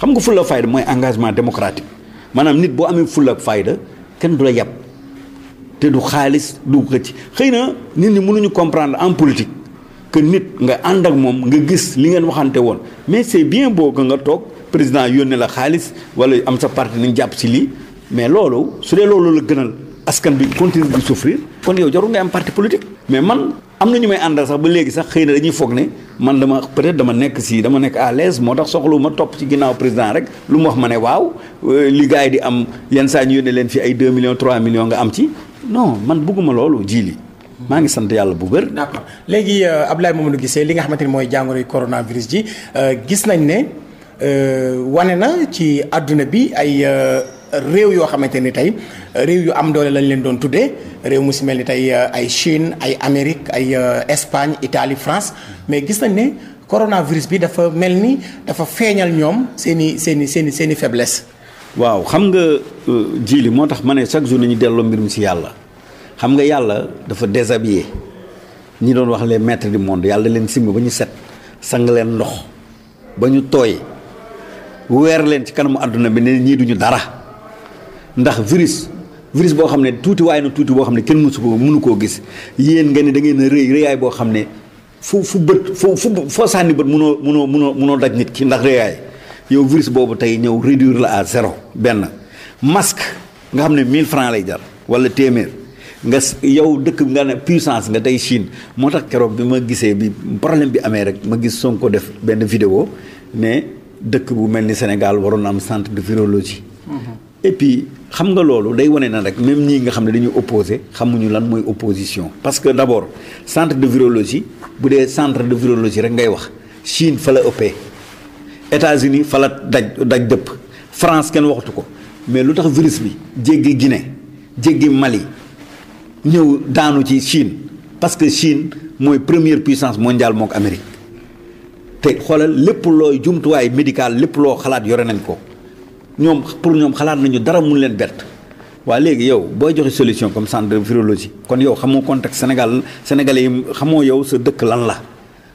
xam nga fulla ak mooy engagement démocratique maanaam nit boo amee fulla ak fayda kenn du la yàpp te du xaalis du ci xëy na nit ñi mënuñu comprendre en politique que nit nga ànd ak moom nga gis li ngeen waxante woon mais c'est bien boo que nga toog président yónnee la xaalis wala am sa parti nañ jàpp si lii mais loolu su dee loolu la gënal askan bi continue di souffrir kon yow jarul ngay am parti politique mais man am na ñu may àndal sax ba léegi sax xëy na dañuy foog ne man dama peut-être dama nekk si dama nekk à l'aise moo tax soxlu ma topp ci ginnaaw président rek lu mu wax ma ne waaw euh, li gars yi di am yenn saa ñu yónnee leen fi ay deux millions 3 millions nga am ci non man bugguma loolu jii li maa ngi sant yàlla bu wér. d'accord léegi euh, Abdoulaye Mamadou gisee li nga xamante ni mooy jàngoroy coronavirus ji euh, gis nañ ne wane na ci àdduna bi ay. réew yoo xamante ni tey réew yu am doole lañ leen doon tuddee réew mu si mel ni tey euh, ay Chine ay Amérique ay euh, Espagne Italie France mais gis nañ ne coronavirus bi dafa mel ni dafa feeñal ñoom seen i seeni seeni seen i faiblesse. waaw xam nga euh, ji li moo tax ma ne chaque jour nañu delloo mbir mi si yàlla xam nga yàlla dafa déshabillé ñi doon wax les maîtres du monde yàlla leen simb ba ñu set sang leen ndox ba ñu tooy weer leen ci kanamu àdduna bi ne ñii duñu dara. ndax virus virus boo xam ne tuuti waaye na tuuti boo xam ne kenn mësu ko mënu koo gis yéen nga ne da ngeen a rëy rëyaay boo xam ne fu fu bët fu fu foo sànni bët mënoo mënoo mënoo mënoo daj nit ki ndax rëyaay yow virus boobu tey ñëw réduire la à zéro benn masque nga xam ne mille francs lay jar wala téeméer nga yow dëkk nga ne puissance nga tey Chine moo tax keroog bi ma gisee bi problème bi amee rek ma gis Sonko def benn vidéo ne dëkk bu mel ni Sénégal waroon na am centre de virologie mm-hmm. xam nga loolu day wane na rek même ñii nga xam ne dañuy opposé xamuñu lan mooy opposition parce que d'abord centre de virologie bu dee centre de virologie rek ngay wax Chine fa la ëppee États-Unis fa la daj daj dëpp France kenn waxtu ko mais lu tax virus bi jéggi Guinée jéggi Mali ñëw daanu ci Chine parce que Chine mooy première puissance mondiale mook Amérique te xoolal lépp looy jumtuwaay médical lépp loo xalaat yore nañ ko ñoom pour ñoom xalaat nañu dara mun leen bett waa léegi yow booy joxee solution comme centre de virologie kon yow xamoo contexte Sénégal sénégalais yi xamoo yow sa dëkk lan la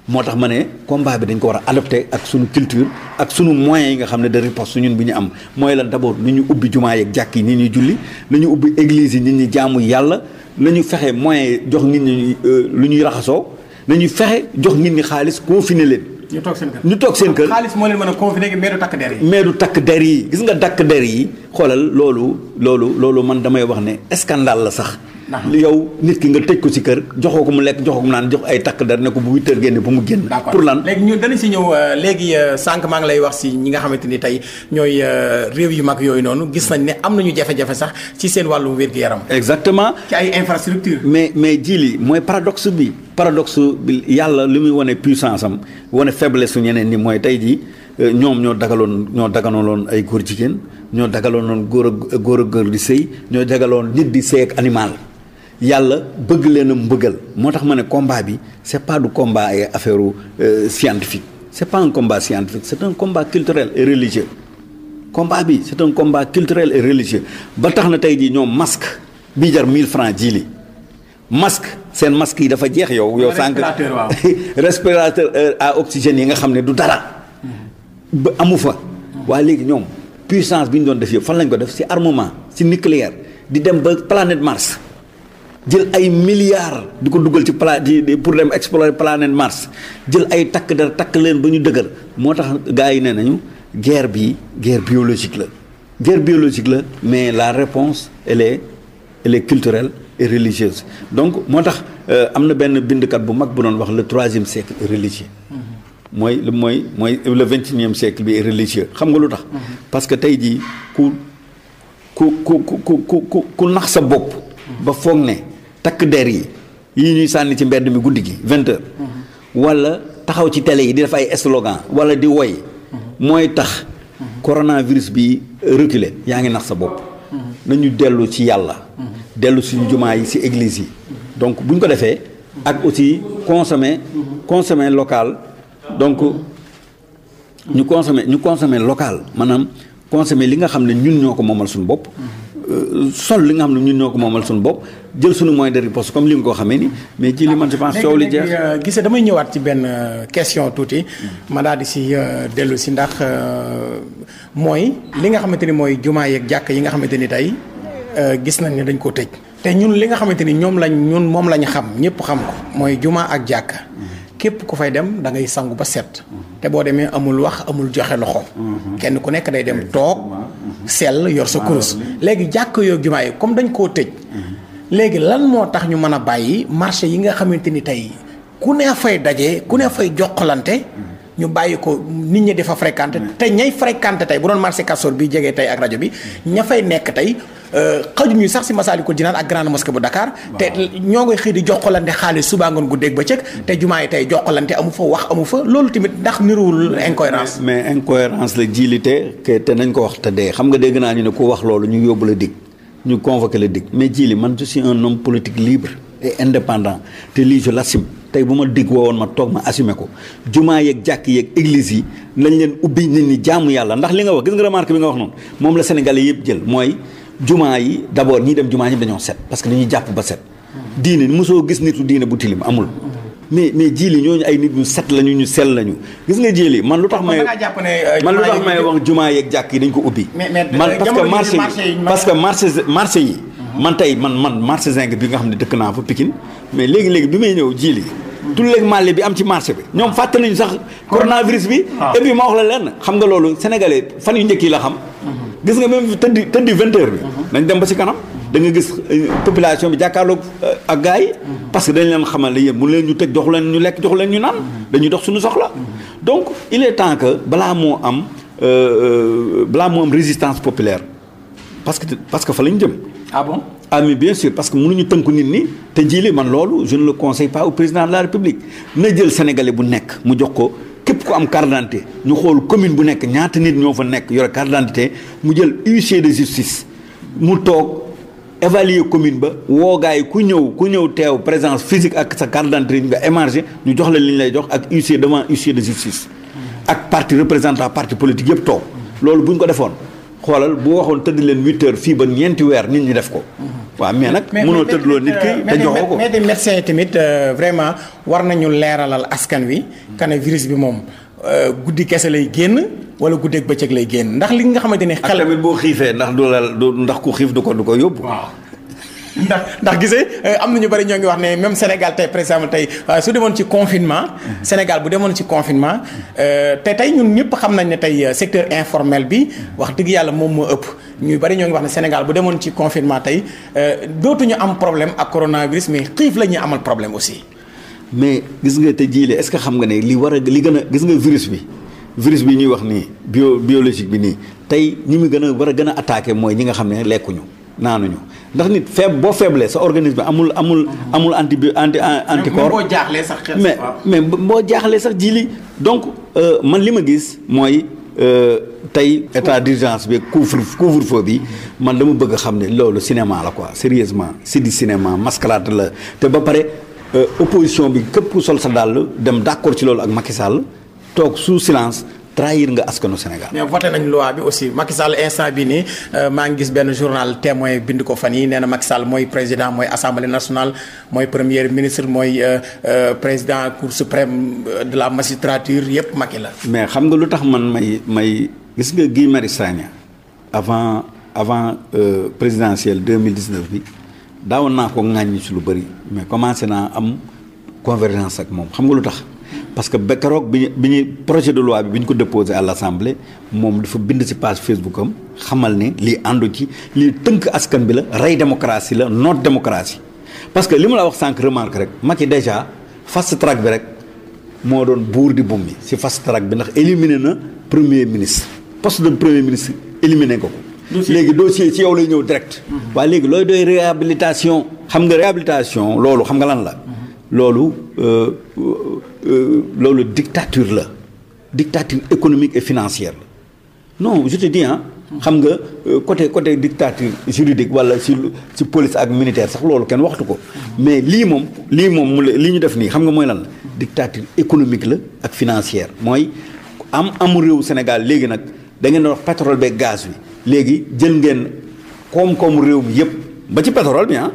moo tax ma ne combat bi dañ ko war a adopté ak suñu culture ak suñu moyens yi nga xam ne de riposte ñun bi ñu am mooy lan d'abord nu ñu ubbi jumaa yeeg jàkk yi nit ñu julli na ñu ubbi église yi nit ñu jaamu yàlla na ñu fexe moyens jox nit ñi euh, lu ñuy raxasoo na ñu fexe jox nit ñi xaalis confiné leen ñu toog seen kër ñu toog seen kër. xaalis moo leen mën a confiné mais du takk der yi. mais du takk der yi gis nga takk der yi. xoolal loolu loolu loolu man damay wax ne scandale la sax. yow nit ki nga tëj ko ci kër joxoo ko mu lekk joxoo ko mu naan jox ay takk dar ne ko bu huit heures génne bu mu génn. pour lan léegi ñu dana ci ñëw euh, léegi euh, sànq maa ngi lay wax ci ñi nga xamante ni tey ñooy euh, réew yu mag yooyu noonu gis nañ ne am nañu jafe sax ci seen wàllu wér yaram exactement ci ay infrastructure mais mais ji li mooy paradoxe bi. paradoxe bi yàlla li muy wane puissance am wane faiblesse su ñeneen ni mooy tey jii ñoom ñoo dagaloon ñoo loon ay góor jigéen. ñoo dagaloon noonu góor a góor ak góor di sëy ñoo dagaloon nit di sëy ak animal yàlla bëgg leen a mbëggal moo tax ma ne combat bi c'est pas du combat ay affaire euh, scientifique c'est pas un combat scientifique c'est un combat culturel et religieux combat bi c'est un combat culturel et religieux ba tax na tey jii ñoom masque bi jar mille francs ji li masque seen masque yi dafa jeex yow yow sànq respirateur euh, à oxygène yi nga xam ne du dara mm-hmm. ba amu fa mm-hmm. waa léegi ñoom puissance bi ñu doon def yëpp fan lañ ko def ci armement ci nucléaire di dem ba planète Mars jël ay milliards di ko dugal ci pala pla pour dem explorer planète Mars jël ay takk der takk leen ba ñu dëgër moo tax gars yi nee nañu guerre bi guerre biologique la. guerre biologique la mais la réponse et les et les culturelle et religieuse donc moo tax euh, am na benn bindkat bu mag bu doon wax le troisième siècle religieux. Mm-hmm. mooy mooy mooy le vingt et unième bi est xam nga lu tax. Mm-hmm. parce que tey jii ku ku ku ku ku ku ku nax sa bopp. ba foog ne takk der yi yi ñuy sànni ci mbedd mi guddi gi vingt mm-hmm. walla taxaw ci tele yi di def ay slogan wala di woy. Mm-hmm. mooy tax. coronavirus bi reculer yaa ngi nax sa bopp. nañu dellu ci yàlla. dellu suñu jumaa yi ci église yi. donc buñ ko defee. ak aussi consommer. consommer local. donc ñu consommer ñu consommer local maanaam consommer li nga xam ne ñun ñoo ko moom moomal suñu bopp. Euh, sol li nga xam ne ñun ñoo ko moom moomal suñu bopp jël suñu moyen de riposte comme li nga ko xamee ni mais ci li man je ah, li jeex euh, gisee damay ñëwaat ci benn euh, question tuuti hmm. ma daal di dellu si ndax mooy li nga xamante ni mooy jumaa yeeg jàkk yi nga xamante ni tey gis nañ ne dañ koo tëj te ñun li nga xamante ni ñoom lañ ñun moom lañ xam ñëpp xam ko mooy jumaa ak jàkk hmm. képp ku fay dem da ngay sangu ba set. Mhm. te boo demee amul wax amul joxe loxo. Mhm. kenn ku nekk day dem toog. Mhm. sell yor sa kurus. léegi jàkk yoo jumaa yi comme dañ koo tëj. léegi lan moo tax ñu mën a bàyyi marché yi nga xamante ni tey ku ne fay daje ku ne fay jokkalante. ñu bàyyi ko nit ñi dafa fréquenté. te ñay fréquenté tey bu doon marché Castor bi jege tey ak rajo bi. ña fay nekk tey Euh, xajuñu sax si Masaalikul Jinaan ak Grande Mosquée bu Dakar. te ñoo ngay xëy di joxolante xaalis suba ngoon guddeeg bëccëg. Mm-hmm. te jumaa yi tey joxolante amu fa wax amu fa loolu tamit ndax niruwul incohérence mais incohérence la jiilite te nañ ko wax te dee xam nga dégg naa ñu ne ku wax loolu ñu yóbbu la dig ñu convoqué la dig mais jiili man je suis un homme politique libre indépendant te lii je l'assume tey bu ma woo woon ma toog ma assumé ko jumaa yeeg jàkk yeeg église yi nañ leen ubbi nit ñi jàmm yàlla ndax li nga wax gis nga remarque bi nga wax noonu moom la sénégalais yëpp jël mooy jumaa yi d' abord ñiy dem jumaa yi dañoo set parce que dañuy jàpp ba set diine mosoo gis nitu diine bu tilim amul mais mais jili ñooñu ay nit ñu set lañu ñu sell lañu gis nga jili man lu tax may euh, man lu tax may wax jumaa yeeg jàkk yi dañ ko ubbi man parce que marché yi yi mhm. man tey man man marché zinc bi nga xam ne dëkk naa fa Pikine mais léegi-léegi bi may ñëw jili tout màlle bi am ci marché bi ñoom fàtte nañu sax coronavirus bi ah. et puis ma wax la lenn xam nga loolu xam gis nga même tëddi tëddi vingt bi mhm. nañ dem ba si kanam danga gis euh, population bi jàkkaarlook euh, ak gars yi mhm. parce que dañ leen xamal ne yéen mu leen ñu tëj jox leen ñu lekk jox leen ñu naan mhm. dañuy dox suñu soxla donc il est temps que balaa moo am euh, balaa moo am résistance populaire parce que parce que fa lañ jëm ah bon ah mais bien sûr parce que mënuñu tënku nit ñi te jiile man loolu je le conseil pas au président de la république na jël sénégalais bu nekk mu jox ko ku am carte d'identité ñu xool commune bu nekk ñaata nit ñoo fa nekk yore carte mu jël huissier de justice mu toog évaluer commune ba woogaay ku ñëw ku ñëw teew présence physique ak sa carte d'identité nga émargé ñu jox la li ñu lay jox ak huissier devant huissier de justice ak parti représentant parti politique yëpp toog loolu bu ñu ko defoon xoolal bu waxoon tëdd leen huit fii ba ñeenti weer nit ñi def ko. waa mais nag mënoo tëddloo nit ki te joxoo ko mais des médecins yi tamit euh, vraiment war nañu leeralal askan wi. kana bi moom euh, guddi kese lay génn wala guddeeg bëccëg lay génn ndax li nga xamante ne. xel tamit boo xiifee ndax du la ndax ku xiif du ko du ko yóbbu. ndax ndax gisee euh, am na ñu bari ñoo ngi wax ne même Sénégal tey par exemple tey euh, su demoon ci confinement. Mhm. Sénégal bu demoon ci confinement. Mhm. Euh, te tey ñun ñëpp xam nañ ne tey secteur informel bi mhm. wax dëgg yàlla moom moo ëpp. ñuy bari ñoo ngi wax ne Sénégal bu demoon ci confinement tey dootuñu am problème ak coronavirus mais xiif la ñuy amal problème aussi. mais gis nga te jiile est-ce que xam nga ne li war a li gën a gis nga virus bi virus bi ñuy wax nii bio biologique bi nii tey ñi mu gën a war a gën a attaqué mooy ñi nga xam ne lekkuñu. naanuñu ndax nit feeb boo feeblee sa organisme amul amul amul anti anti anticorps boo jaaxlee sax mais mais boo jaaxlee sax ji li donc euh, man li ma gis mooy euh, tey état d'urgence bi couvre couvre-feu bi man dama bëgg xam ne loolu cinéma la ko sérieusement si du cinéma mascarade la te ba pare euh, opposition bi képp ku sol sa dàll dem d'accord ci loolu ak Macky Sall toog sous silence trahir nga askanu Sénégal. mais voté nañ loi bi aussi Macky Sall instant bi nii euh, maa ngi gis benn journal témoin bind ko fan yii nee na Macky Sall mooy président mooy assemblée nationale mooy première ministre mooy euh, euh, président cour suprême de la magistrature yëpp Macky la. mais xam nga lu tax man may may gis nga Guy Marius Sagna avant avant présidentielle 2019 bi daawoon naa ko ŋàññi si lu bëri mais commencé naa am convergence ak moom xam nga lu tax. parce que ba keroog bi ñu bi ñuy projet de loi bi ñu ko déposé à l' moom dafa bind ci page Facebook am xamal ni lii àndu ci lii tënk askan bi la rey démocratie la noot démocratie parce que li ma la wax sànq remarque rek Macky déjà fast track bi rek moo doon buur di bummi ci fast track bi ndax éliminé na premier ministre poste de premier ministre éliminé ko ko léegi dossier ci yow lay ñëw direct mm-hmm. waaye léegi looy doy réhabilitation xam nga réhabilitation loolu xam nga lan la loolu euh, euh, euh, loolu dictature la dictature économique et financière la non je xam nga côté côté dictature juridique wala si si police ak militaire sax loolu kenn waxtu ko. mais lii moom lii moom mu li ñu def nii xam nga mooy lan la. dictature économique la ak financière mooy am amu réew Sénégal léegi nag da ngeen wax pétrole beeg gaz bi léegi jël ngeen koom-koomu réew mi yëpp ba ci pétrole bi ah.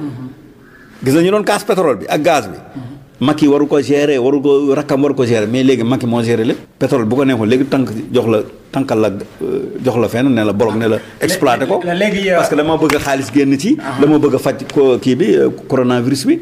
gis nañu doon kaas pétrole bi ak gaz bi. yi waru ko gérer waru ko rakkam waru ko gérer mais léegi Macky moo gérer lépp pétrole bu ko neexoon léegi tànk jox la tànkal la euh, jox la fenn ne la bolog ne la. exploité ko euh, parce que dama bëgg xaalis génn ci. Ah. dama bëgg a faj kii bi euh, coronavirus bi.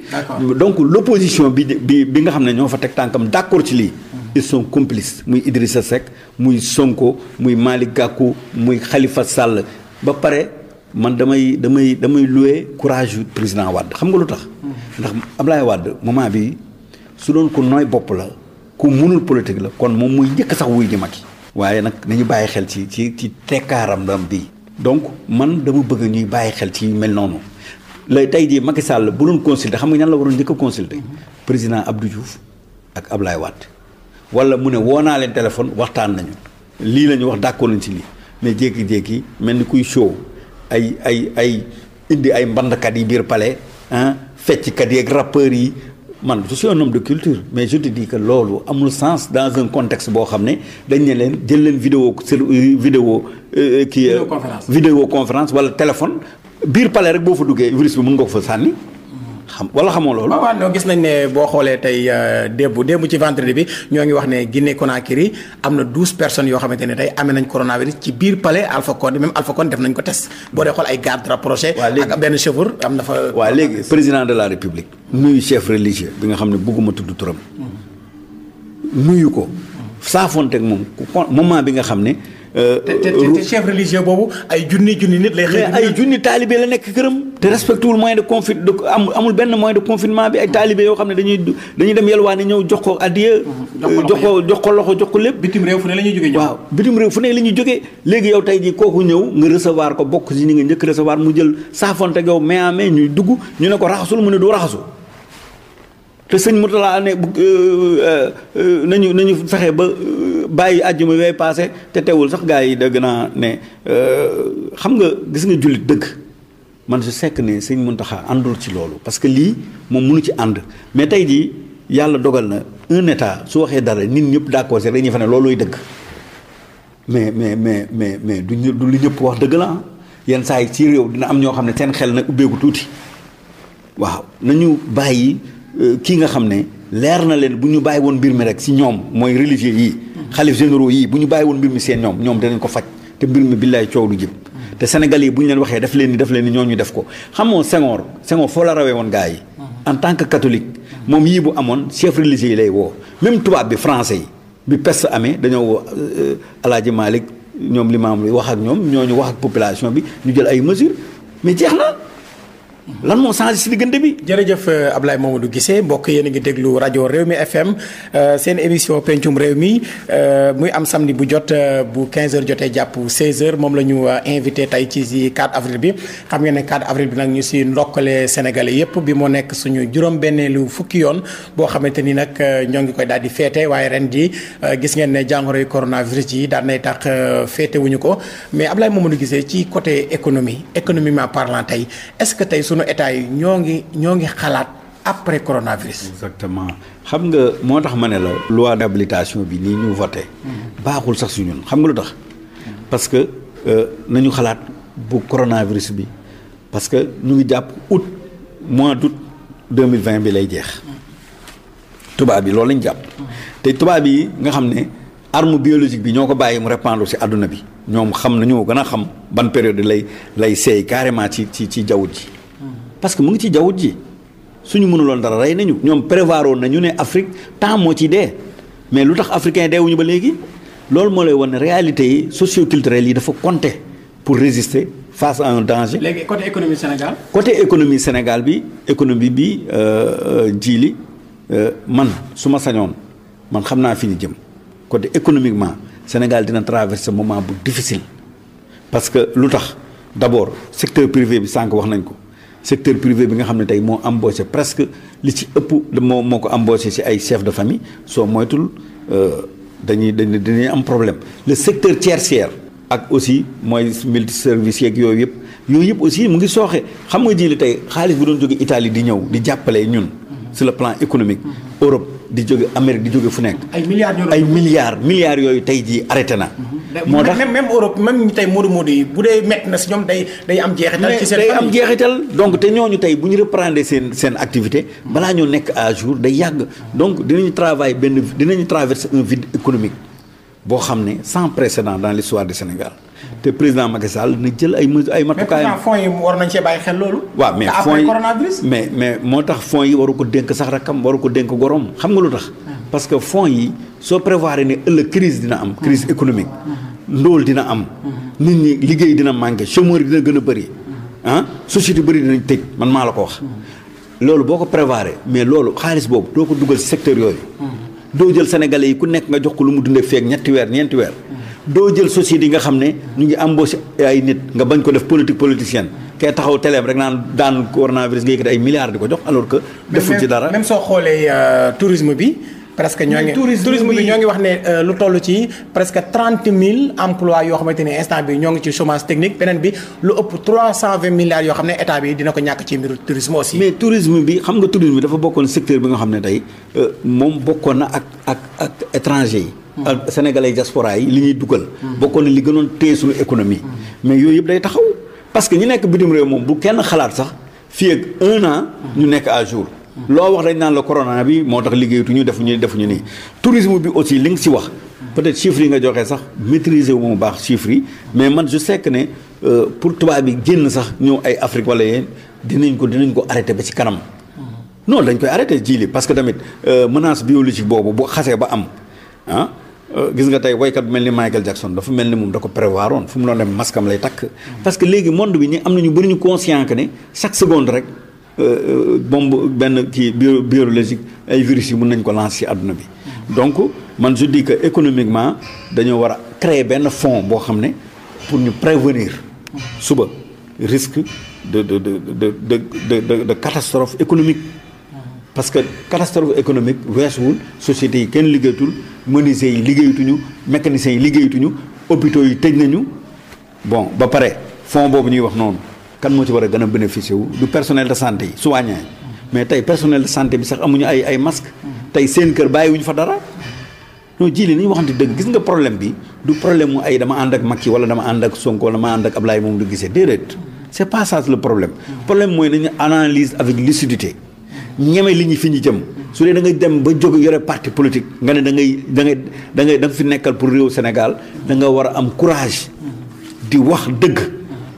donc l' opposition bi bi bi nga xam ne ñoo fa teg tànkam d' accord ci lii. Mm-hmm. ils sont complices muy Idrissa Seck muy Sonko muy Malick Gakou muy xalifa Sall ba pare. man damay damay damay loué courage yu président Wade xam nga lu tax. ndax Ablaye Wade moment bi su doon ko nooy bopp la ku munul politique la kon moom muy njëkk sax wuy ji Macky. waaye nag nañu bàyyi xel ci ci ci tekkaaram dam bi donc man dama bëgg ñuy bàyyi xel ci mel noonu lay tey jii Macky Sall bu doon consulter xam nga ñan la waroon njëkk a consulter président Abdou Diouf ak Ablaye Wade wala mu ne woo naa leen téléphone waxtaan nañu lii la ñu wax dàkkoon nañ ci lii mais jékki-jékki mel ni kuy show ay ay ay indi ay mbandkat yi biir palais ah fecckat yeeg rappeurs yi man je suis un de culture mais je te dis que loolu amul sens dans un contexte boo xam ne dañ ne leen jël leen vidéo sel vidéo euh, kii vidéo conférence wala téléphone biir palais rek boo fa duggee virus bi mën nga ko fa sànni xam wala xamoo loolu. waaw waaw gis nañ ne boo xoolee tey euh, démb démb ci vendredi bi ñoo ngi wax ne Guinée Conakry am na douze personnes yoo xamante ne tey amee nañ coronavirus ci biir palais Alpha Condé même Alpha Condé def nañ ko test boo dee xool ay garde rapproché. ak benn chauffeur am na fa. waaw léegi président de la république. nuyu chef religieux bi nga xam ne bëgguma tudd turam. Mm-hmm. nuyu ko saafoonteeg moom ku bi nga xam ne. Euh, euh, te chef religieux boobu ay junni junni nit lay xëy ay junni taalibe la nekk këram te respectewul moyen de confit am amul benn moyen de confinement bi ay taalibe yoo xam ne dañuy dañuy dem yelwaani ñëw jox ko addiya mhm. jox ko euh, jox ko loxo jox ko lépp bitim réew fu ne la ñuy jógee waaw bitim réew fu ne la ñuy jógee léegi yow tey ji kooku ñëw nga recevoir ko bokk si ñi nga njëkk recevoir mu jël saafonte ak yow main à main ñuy dugg ñu ne ko raxasul mu ne du raxasu te sëñ Mourtala ne nañu nañu fexe ba bàyyi àjjuma yooyu passé te teewul sax gars yi dëgg naa ne euh, xam nga gis nga jullit dëgg man je sekk que ne mun Mountakha àndul ci loolu parce que lii moom mënu ci ànd mais tey jii yàlla dogal na un état su waxee dara nit ñëpp d'accord rek dañuy fa ne loolooy dëgg mais mais mais mais mais du du ñëpp wax dëgg la yenn saa yi ci réew dina am ñoo xam ne seen xel na ubbeeku tuuti waaw nañu bàyyi euh, kii nga xam ne. leer na leen bu ñu bàyyi woon mbir mi rek si ñoom mooy religieux yii xalif généraux yii bu ñu bàyyi woon mbir mi seen ñoom ñoom danañ ko faj te mbir mi billaay coow du jib te Sénégal yi bu ñu leen waxee daf leen ni daf leen ñoo ñu def ko xam nga Senghor Senghor foo la rawee woon gaa yi en tant que catholique moom yii bu amoon chef religieux yi lay woo même tubaab bi français yi bi peste amee dañoo woo euh, alaaji Malick ñoom li ma lu wax ak ñoom ñoo ñu wax ak population bi ñu jël ay mesures mais jeex na lan moo changé si diggante bi. jërëjëf euh, a Mamadou Guissé mbokk yéen a ngi déglu rajo réew mi FM euh, seen émission pencum réew mi euh, muy am samedi bu jot bu 15h jotee jàpp 16h moom la ñu invité tey ci 4 avril bi xam ngeen ne 4 avril bi nag ñu si ndokkale Sénégalais yëpp bi moo nekk suñu juróom-benneelu fukki yoon boo xamante ni nag ñoo ngi koy daal di féete waaye ren ji gis ngeen ne jàngoro yu coronavirus yi daan nay tax féete wuñu ko mais Ablaye Mamadou Guissé ci côté économie économiquement parlant sunu état yi ñoo ngi ñoo ngi xalaat après coronavirus. exactement xam nga moo tax ma ne la. loi d'habilitation bi nii ñu voté. baaxul sax su ñun xam nga lu tax. parce que euh, nañu xalaat bu coronavirus bi parce que ñu ngi jàpp août mois d'août deux mille vingt bi lay jeex. tubaab yi loolu lañ jàpp. te tubaab yi nga xam ne arme biologique bi ñoo ko bàyyi mu répandre si àdduna bi ñoom xam nañu gën a xam ban période lay lay seey carrément ci ci ci jaww ji. parce que mu ngi ci jaww ji suñu mënuloon dara rey nañu ñoom prévoir woon nañu ne Afrique temps moo ci dee mais lu tax africain deewuñu ba léegi loolu moo lay wan ne réalité yi socioculturelle yi dafa compter pour résister face à un danger. léegi côté économie Sénégal. côté économie Sénégal bi économie bi euh, euh, ji li euh, man su ma sañoon man xam naa fi ñu jëm côté économiquement Sénégal dina traverser moment bu difficile parce que lu tax d' abord secteur privé bi sànq wax nañ ko. secteur privé bi nga xam ne tey moo am embauché presque li ci ëpp moo moo ko embauché ci ay chef de famille soo moytul euh, dañuy dañuy dañuy am problème le secteur tertiaire ak aussi mooy multi service yeeg yooyu yëpp yooyu yëpp aussi mu ngi sooxe xam nga jii li tey xaalis bu doon jóge Italie di ñëw di jàppale ñun sur le plan économique mhm. Europe di jóge Amérique di jóge fu nekk. ay milliards ay milliards milliards yooyu tey jii arrêté na. Mhm. moo tax même même Europe même tey Modou Modou yi bu dee métti na si ñoom day day am jeexital. am jeexital donc te ñooñu tey bu ñu reprendre seen seen activité mhm. balaa ñu nekk à jour day yàgg donc dinañu travail benn dinañu traverser un vide économique boo xam ne sans précédent dans l'histoire du Sénégal. te président Macky Sall na jël ay mesures ay matukaayam. mais fonds war nañ cee bàyyi xel loolu. waaw mais fonds yi coronavirus. mais mais moo tax fonds yi war waru ko dénk sax rakam waru ko dénk gorom xam nga lu tax. Ah. parce que fonds yi soo prévoir ne ëllëg crise dina am. Ah. crise économique. Ah. ndóol dina am. nit ñi liggéey dina manqué chômeur dina gën a bëri. ah société bëri dinañ tëj man maa la ko wax. loolu boo ko prévoir mais loolu xaalis boobu doo ko dugal secteur yooyu. doo jël sénégalais yi ku nekk nga jox ko lu mu dundee feek ñetti weer ñeenti weer. doo jël société yi nga xam ne ñu ngi am embauché ay nit nga bañ ko def politique politicienne kee taxaw teleem rek naan daan coronavirus nga yëkkati ay milliards di ko jox alors que. deful ci dara même soo xoolee euh, tourisme bi. presque ñoo ngi tourisme bi ñoo ngi wax ne euh, lu toll ci presque trente mille emplois yoo xamante ne instant bi ñoo ngi ci chômage technique beneen bi lu ëpp trois cent vingt milliards yoo xam ne état bi dina ko ñàkk ci mbiru tourisme aussi. mais tourisme bi xam nga tourisme bi dafa bokkoon secteur bi nga xam ne tey euh, moom bokkoon na ak ak ak étranger yi. sénégalais diaspora yi li ñuy dugal. bokkoon na li gënoon téye suñu économie. mais yooyu yëpp day taxaw parce que ñi nekk bitim réew moom bu kenn xalaat sax fii ak un an. ñu nekk à jour. loo wax dañ naan la corona bi moo tax liggéeyatuñu defuñu defuñu nii tourisme bi aussi li nga si wax. peut-être chiffres yi nga joxee sax maîtriser wu mu baax chiffres yi mais man je sais que ne euh, pour tubaab bi génn sax ñëw ay Afrique wala yéen dinañ ko dinañ ko arrêté ba ci kanam. non dañ koy arrêté ji parce que tamit euh, menace biologique boobu bu xasee ba am ah Euh, gis nga tey woykat bu mel ni Michael Jackson dafa mel ni moom da ko prévoir woon fu mu doon dem am lay takk. parce que léegi monde bi ni am nañu bëri ñu conscient que ne chaque seconde rek euh, euh, bombe benn kii bio biologique ay virus yi mën nañ ko lancer ci àdduna bi. donc man je dis que économiquement dañoo war a créer benn fonds boo xam ne pour ñu prévenir suba risque de de de de de de de catastrophe économique. parce que catastrophe économique weesuwul société yi kenn liggéeyatul menuisiers yi liggéeyatuñu mécaniciens yi liggéeyatuñu hôpitaux yi tëj nañu bon ba pare fonds boobu ñuy wax noonu kan moo ci war a gën a bénéficier wu du personnel de santé yi soignants mais tey personnel de santé bi sax amuñu ay ay masques tey seen kër wuñ fa dara non ji li ni ñu waxante dëgg gis nga problème bi du problème mu ay dama ànd ak yi wala dama ànd ak Sonko wala dama ànd ak Ablaye moom du gisee déedéet c'est pas ça le problème problème mooy nañu analyse avec lucidité ñeme li ñu fi ñu jëm su dee da ngay dem ba jóg yore parti politique nga ne dangay ngay da ngay da ngay da nga fi nekkal pour réew Sénégal da war a am courage di wax dëgg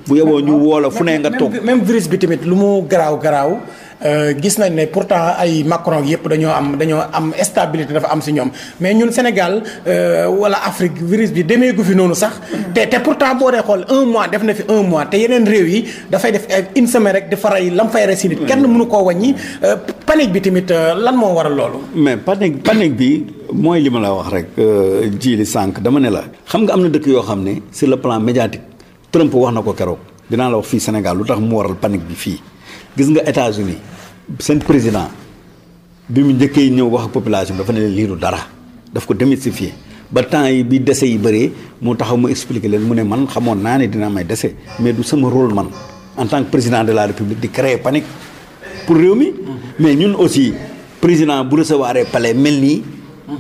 bu yeboo ñu woola fu ne nga toog même virus bi tamit lu mu garaaw garaaw Euh, gis nañ ne pourtant ay Macron yëpp dañoo am dañoo am stabilité dafa am si ñoom mais ñun Sénégal euh, wala Afrique virus bi demee gu fi noonu sax. Mm. te te pourtant boo dee un mois def na fi un mois te yeneen réew yi dafay def euh, une semaine rek dafa rey lam fay si nit. kenn mm. mënu koo wàññi panique bi tamit lan moo waral loolu. mais panique panique bi mooy li ma la wax rek ji li sànq dama ne la. xam nga am na dëkk yoo xam ne si le plan médiatique Trump wax na ko keroog dinaa la wax fii Sénégal tax mu waral panique bi fii. gis nga États-Unis seen président bi mu njëkkee ñëw wax ak population dafa ne leen liiru dara daf ko démystifier ba temps yi bi dese yi bëree moo taxaw mu expliquer leen mu ne man xamoon naa ne dina may dese mais du sama role man en tant président de la république di créer panique pour réew mi mm-hmm. mais ñun aussi président bu recevoir palais mel nii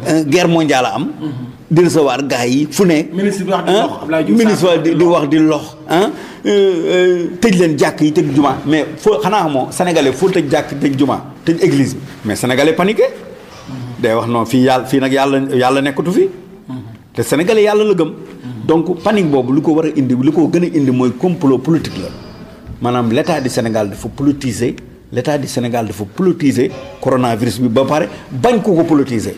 Euh, guerre mondiale a am. Mhm. di recevoir gars yi fu ne. ministre bi di wax di lox ah tëj leen jàkk yi tëj jumaa mais foo xanaa xamoo senegale foo tëj jàkk tëj jumaa tëj église mais sénégalais paniqué. Mhm. day wax non fii yàlla fii nag yàlla yàlla nekkatu fi. Mhm. te sénégalais yàlla la gëm. donc panique boobu lu ko war a indi lu ko gën a indi mooy complot politique la maanaam l' di du Sénégal dafa politiser l' état du Sénégal dafa politiser coronavirus bi ba pare bañ ko ko politiser.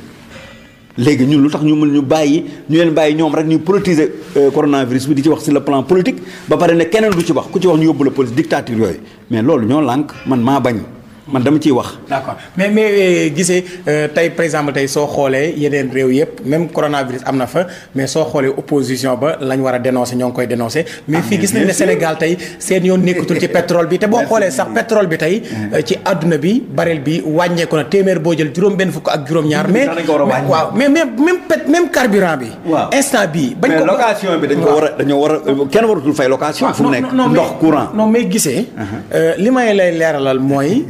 léegi ñun lu tax ñu mën ñu bàyyi ñu leen bàyyi ñoom rek ñu politiser euh, coronavirus bi di ci wax sur le plan politique ba pare ne keneen du ci wax ku ci wax ñu yóbbu la police dictature yooyu mais loolu ñoo lànk man maa bañ man dama ciy wax. d'accord mais mais euh, gisee euh, tey par exemple tey soo xoolee yeneen réew yëpp même coronavirus am na fa mais soo xoolee opposition ba lañ war a dénoncer ñoo ngi koy dénoncer. mais fii gis nañ ne Sénégal tey seen yoon nekkatul ci pétrole bi te boo xoolee sax pétrole bi tey. Mm. Euh, ci àdduna bi baril bi wàññeeku na téeméer boo jël juróom-benn fukk ak juróom-ñaar. mais waaw mais même même carburant bi. instant bi bañ ko mais bi dañ ko war a dañoo war a kenn waratul fay location. fu mu nekk ndox courant non mais gisee. Uh-huh. li may lay leeralal mooy.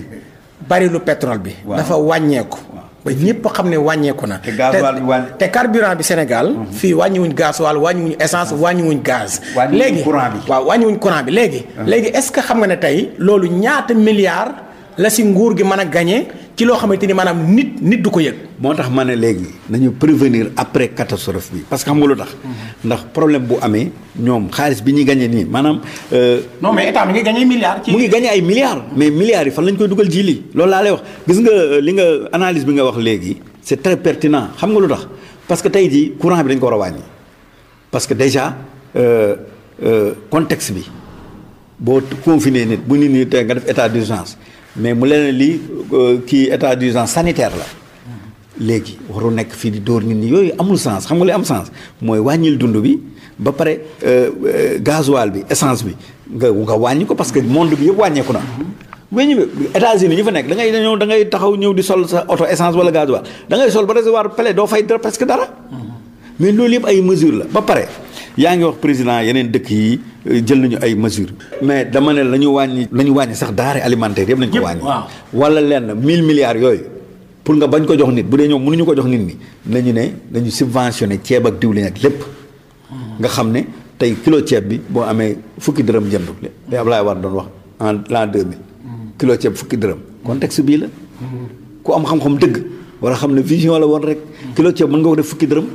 barilu pétrole bi. dafa wàññeeku. ba ñëpp xam ne wàññeeku na. te gasoil te carburant bi Sénégal. Mhm. fii wàññiwuñ gasoil wàññiwuñ essence wàññiwuñ gaz. léegi courant bi waaw wàññiwuñ courant bi léegi. Mhm. léegi est-ce que xam nga ne tey loolu ñaata milliards la si nguur gi mën a gañe ci loo xamante ni maanaam nit nit du ko yëg. moo tax ma ne léegi nañu prévenir après catastrophe bi parce que xam nga lu tax. Mm-hmm. ndax problème bu amee ñoom xaalis bi ñuy gañee nii maanaam. Euh, non mais état mi ngi gagné milliards. ci mu ngi gagné ay milliards. mais milliards yi fan lañ koy dugal ji lii. loolu laa lay wax gis nga euh, li nga analyse bi nga wax léegi c'est très pertinent xam nga lu tax parce que tey jii courant bi dañ ko war a parce que déjà euh, euh, contexte bi boo confiné nit bu nit ñi nga def état d'urgence mais mu leen lii euh, kii état d'urgence sanitaire la léegi warul nekk fii di dóor nit ñi yooyu amul sens xam nga li am sens mooy wàññil dund bi ba pare euh, euh, gasoil bi essence bi nga nga wàññi ko parce que monde bi yëpp wàññeeku na. wéññi bi États-Unis ñu fa nekk dangay ñëw da ngay taxaw ñëw di sol sa oto essence wala gasoil da ngay sol ba réservoir pele doo fay dara presque dara. mais loolu yëpp ay mesures la ba pare. yaa ngi wax président yeneen dëkk yi euh, jël nañu ay mesures. mais dama ne la ñu wàññi. la ñu wàññi sax denrée alimentaire yëpp nañu ko wàññi. wala lenn mille milliards yooyu. pour nga bañ ko jox nit bu dee ñoom mënuñu ko jox nit ñi nañu ne nañu subventionné ceeb ak diwlin ak lépp. Hmm. nga xam ne tey kilo ceeb bi boo amee fukki dërëm jënd. li Ablaye war doon wax en l'an 2000. Hmm. kilo ceeb fukki dërëm. contexte bii la. Hmm. ku am xam-xam dëgg. war xam ne vision la woon rek. kilo ceeb mën nga ko def fukki dërëm.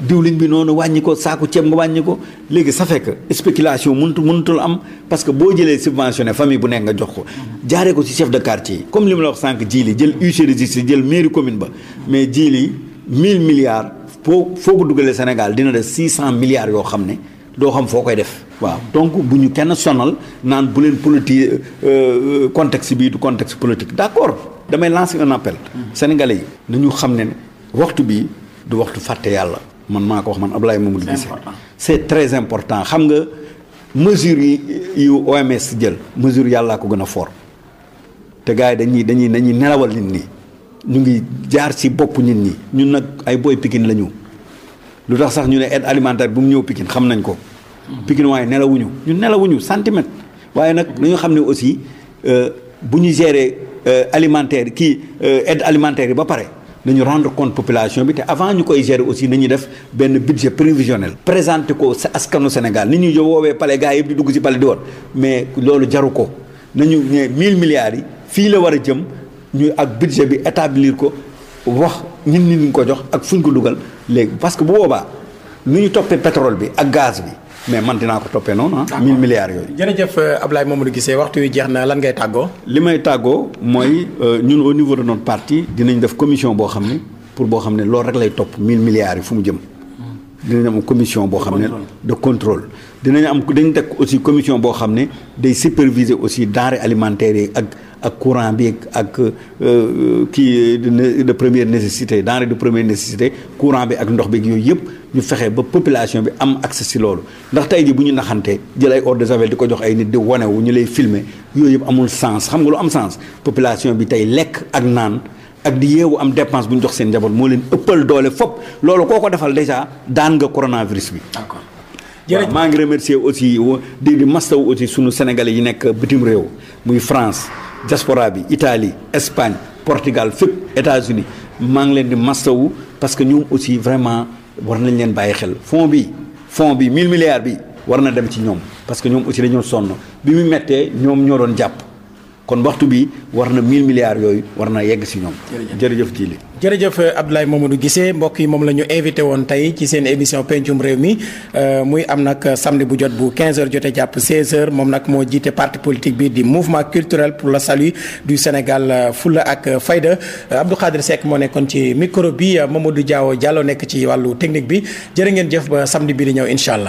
diwlin bi noonu wàññi ko saaku ceeb nga wàññi ko léegi ça fait que spéculation mënut mënutul am parce que boo jëlee subventionné famille bu nekk nga jox ko jaaree ko ci chef de quartier yi comme li ma la wax sànq ji li jël huissier de jël mairie commune ba mais ji li 1000 milliards foo foo ko dugalee Sénégal dina def cent milliards yoo xam ne doo xam foo koy def waaw donc bu ñu kenn sonal naan bu leen politique euh, euh, contexte bii du contexte politique d damay lancer un appel mm. sénégalais yi nañu xam ne waxtu bi du waxtu fàtte yàlla man maa ko wax man Abdoulaye Mamadou Guissé c'est très important xam nga mesure yi yu OMS jël mesure yàllaa ko gën a fort te gars yi dañuy dañuy dañuy nelawal nit ñi ñu ngi jaar si bopp nit ñi ñun nag ay booy Pikine la ñu lu tax sax ñu ne aide alimentaire bu mu ñëw Pikine xam nañ ko Pikine waaye nelawuñu ñu nelawuñu centimètre waaye nag dañoo xam ne aussi euh, bu ñu gérer euh, alimentaire kii euh, aide alimentaire yi ba pare nañu rendre compte population bi te avant ñu koy gérer aussi nañu def benn budget prévisionnel présenté ko sa askanu Sénégal ni ñu woowee pale gars yëpp di dugg ci pale di woon mais loolu jaru ko nañu ne 1000 milliards yi fii la war a jëm ñu ak budget bi établir ko wax ñun nit ñu ko jox ak fu ñu ko dugal léegi parce que bu boobaa nu ñu toppee pétrole bi ak gaz bi mais man dinaa ko toppee noonu ah. 1000 milliards yooyu. jërëjëf moom euh, Mamadou gisee waxtu wi jeex na lan ngay tàggoo. li may tàggoo mooy euh, ñun au niveau de notre parti dinañ def commission boo xam ne pour boo xam ne loolu rek lay topp 1000 milliards yi fu mu jëm. dinañ am commission boo xam ne de contrôle dinañ am dañ teg aussi commission boo xam ne day superviser aussi denrées alimentaires yi ak. ak courant bi ak euh, euh, kii euh, de première nécessité denrée de première nécessité courant bi ak ndox bi yooyu yëpp ñu fexe ba population bi am accès si loolu ndax tey ji bu ñu naxantee jël ay eau de javel di ko jox ay nit di wane wu ñu lay filmer yooyu yëpp amul sens xam nga lu am sens population bi tey lekk ak naan ak di yeewu am dépense bu ñu jox seen njaboot moo leen ëppal doole fop loolu koo ko defal déjà daan nga coronavirus bi. d'accord. jërëjëf maa ngi remercier aussi di di mastaw aussi suñu sénégalais yi nekk bitim réew muy France diaspora bi itali Espagne Portugal fépp États-Unis maa ngi leen di wu parce que ñoom aussi vraiment war nañ leen bàyyi xel fond bi fond bi 1000 milliards bi war na dem ci ñoom parce que ñoom aussi dañoo sonn bi mu méttee ñoom ñoo doon jàpp kon waxtu bi war na 1000 milliards yooyu war na yegg si ñoom. jërëjëf jërëjëf jërëjëf Abdoulaye Mamadou Guissé mbokk yi moom la ñu invité woon tey ci seen émission pencum réew mi euh, muy am nag samedi bu jot bu 15h jotee jàpp 16h moom nag moo jiite parti politique bi di mouvement culturel pour la salut du Sénégal euh, Fulla ak Fayda euh, Abdou Khadre Seck moo nekkoon ci micro bi Mamadou Diaw Diallo nekk ci wàllu technique bi jër ngeen jëf ba samedi bi di ñëw incha allah.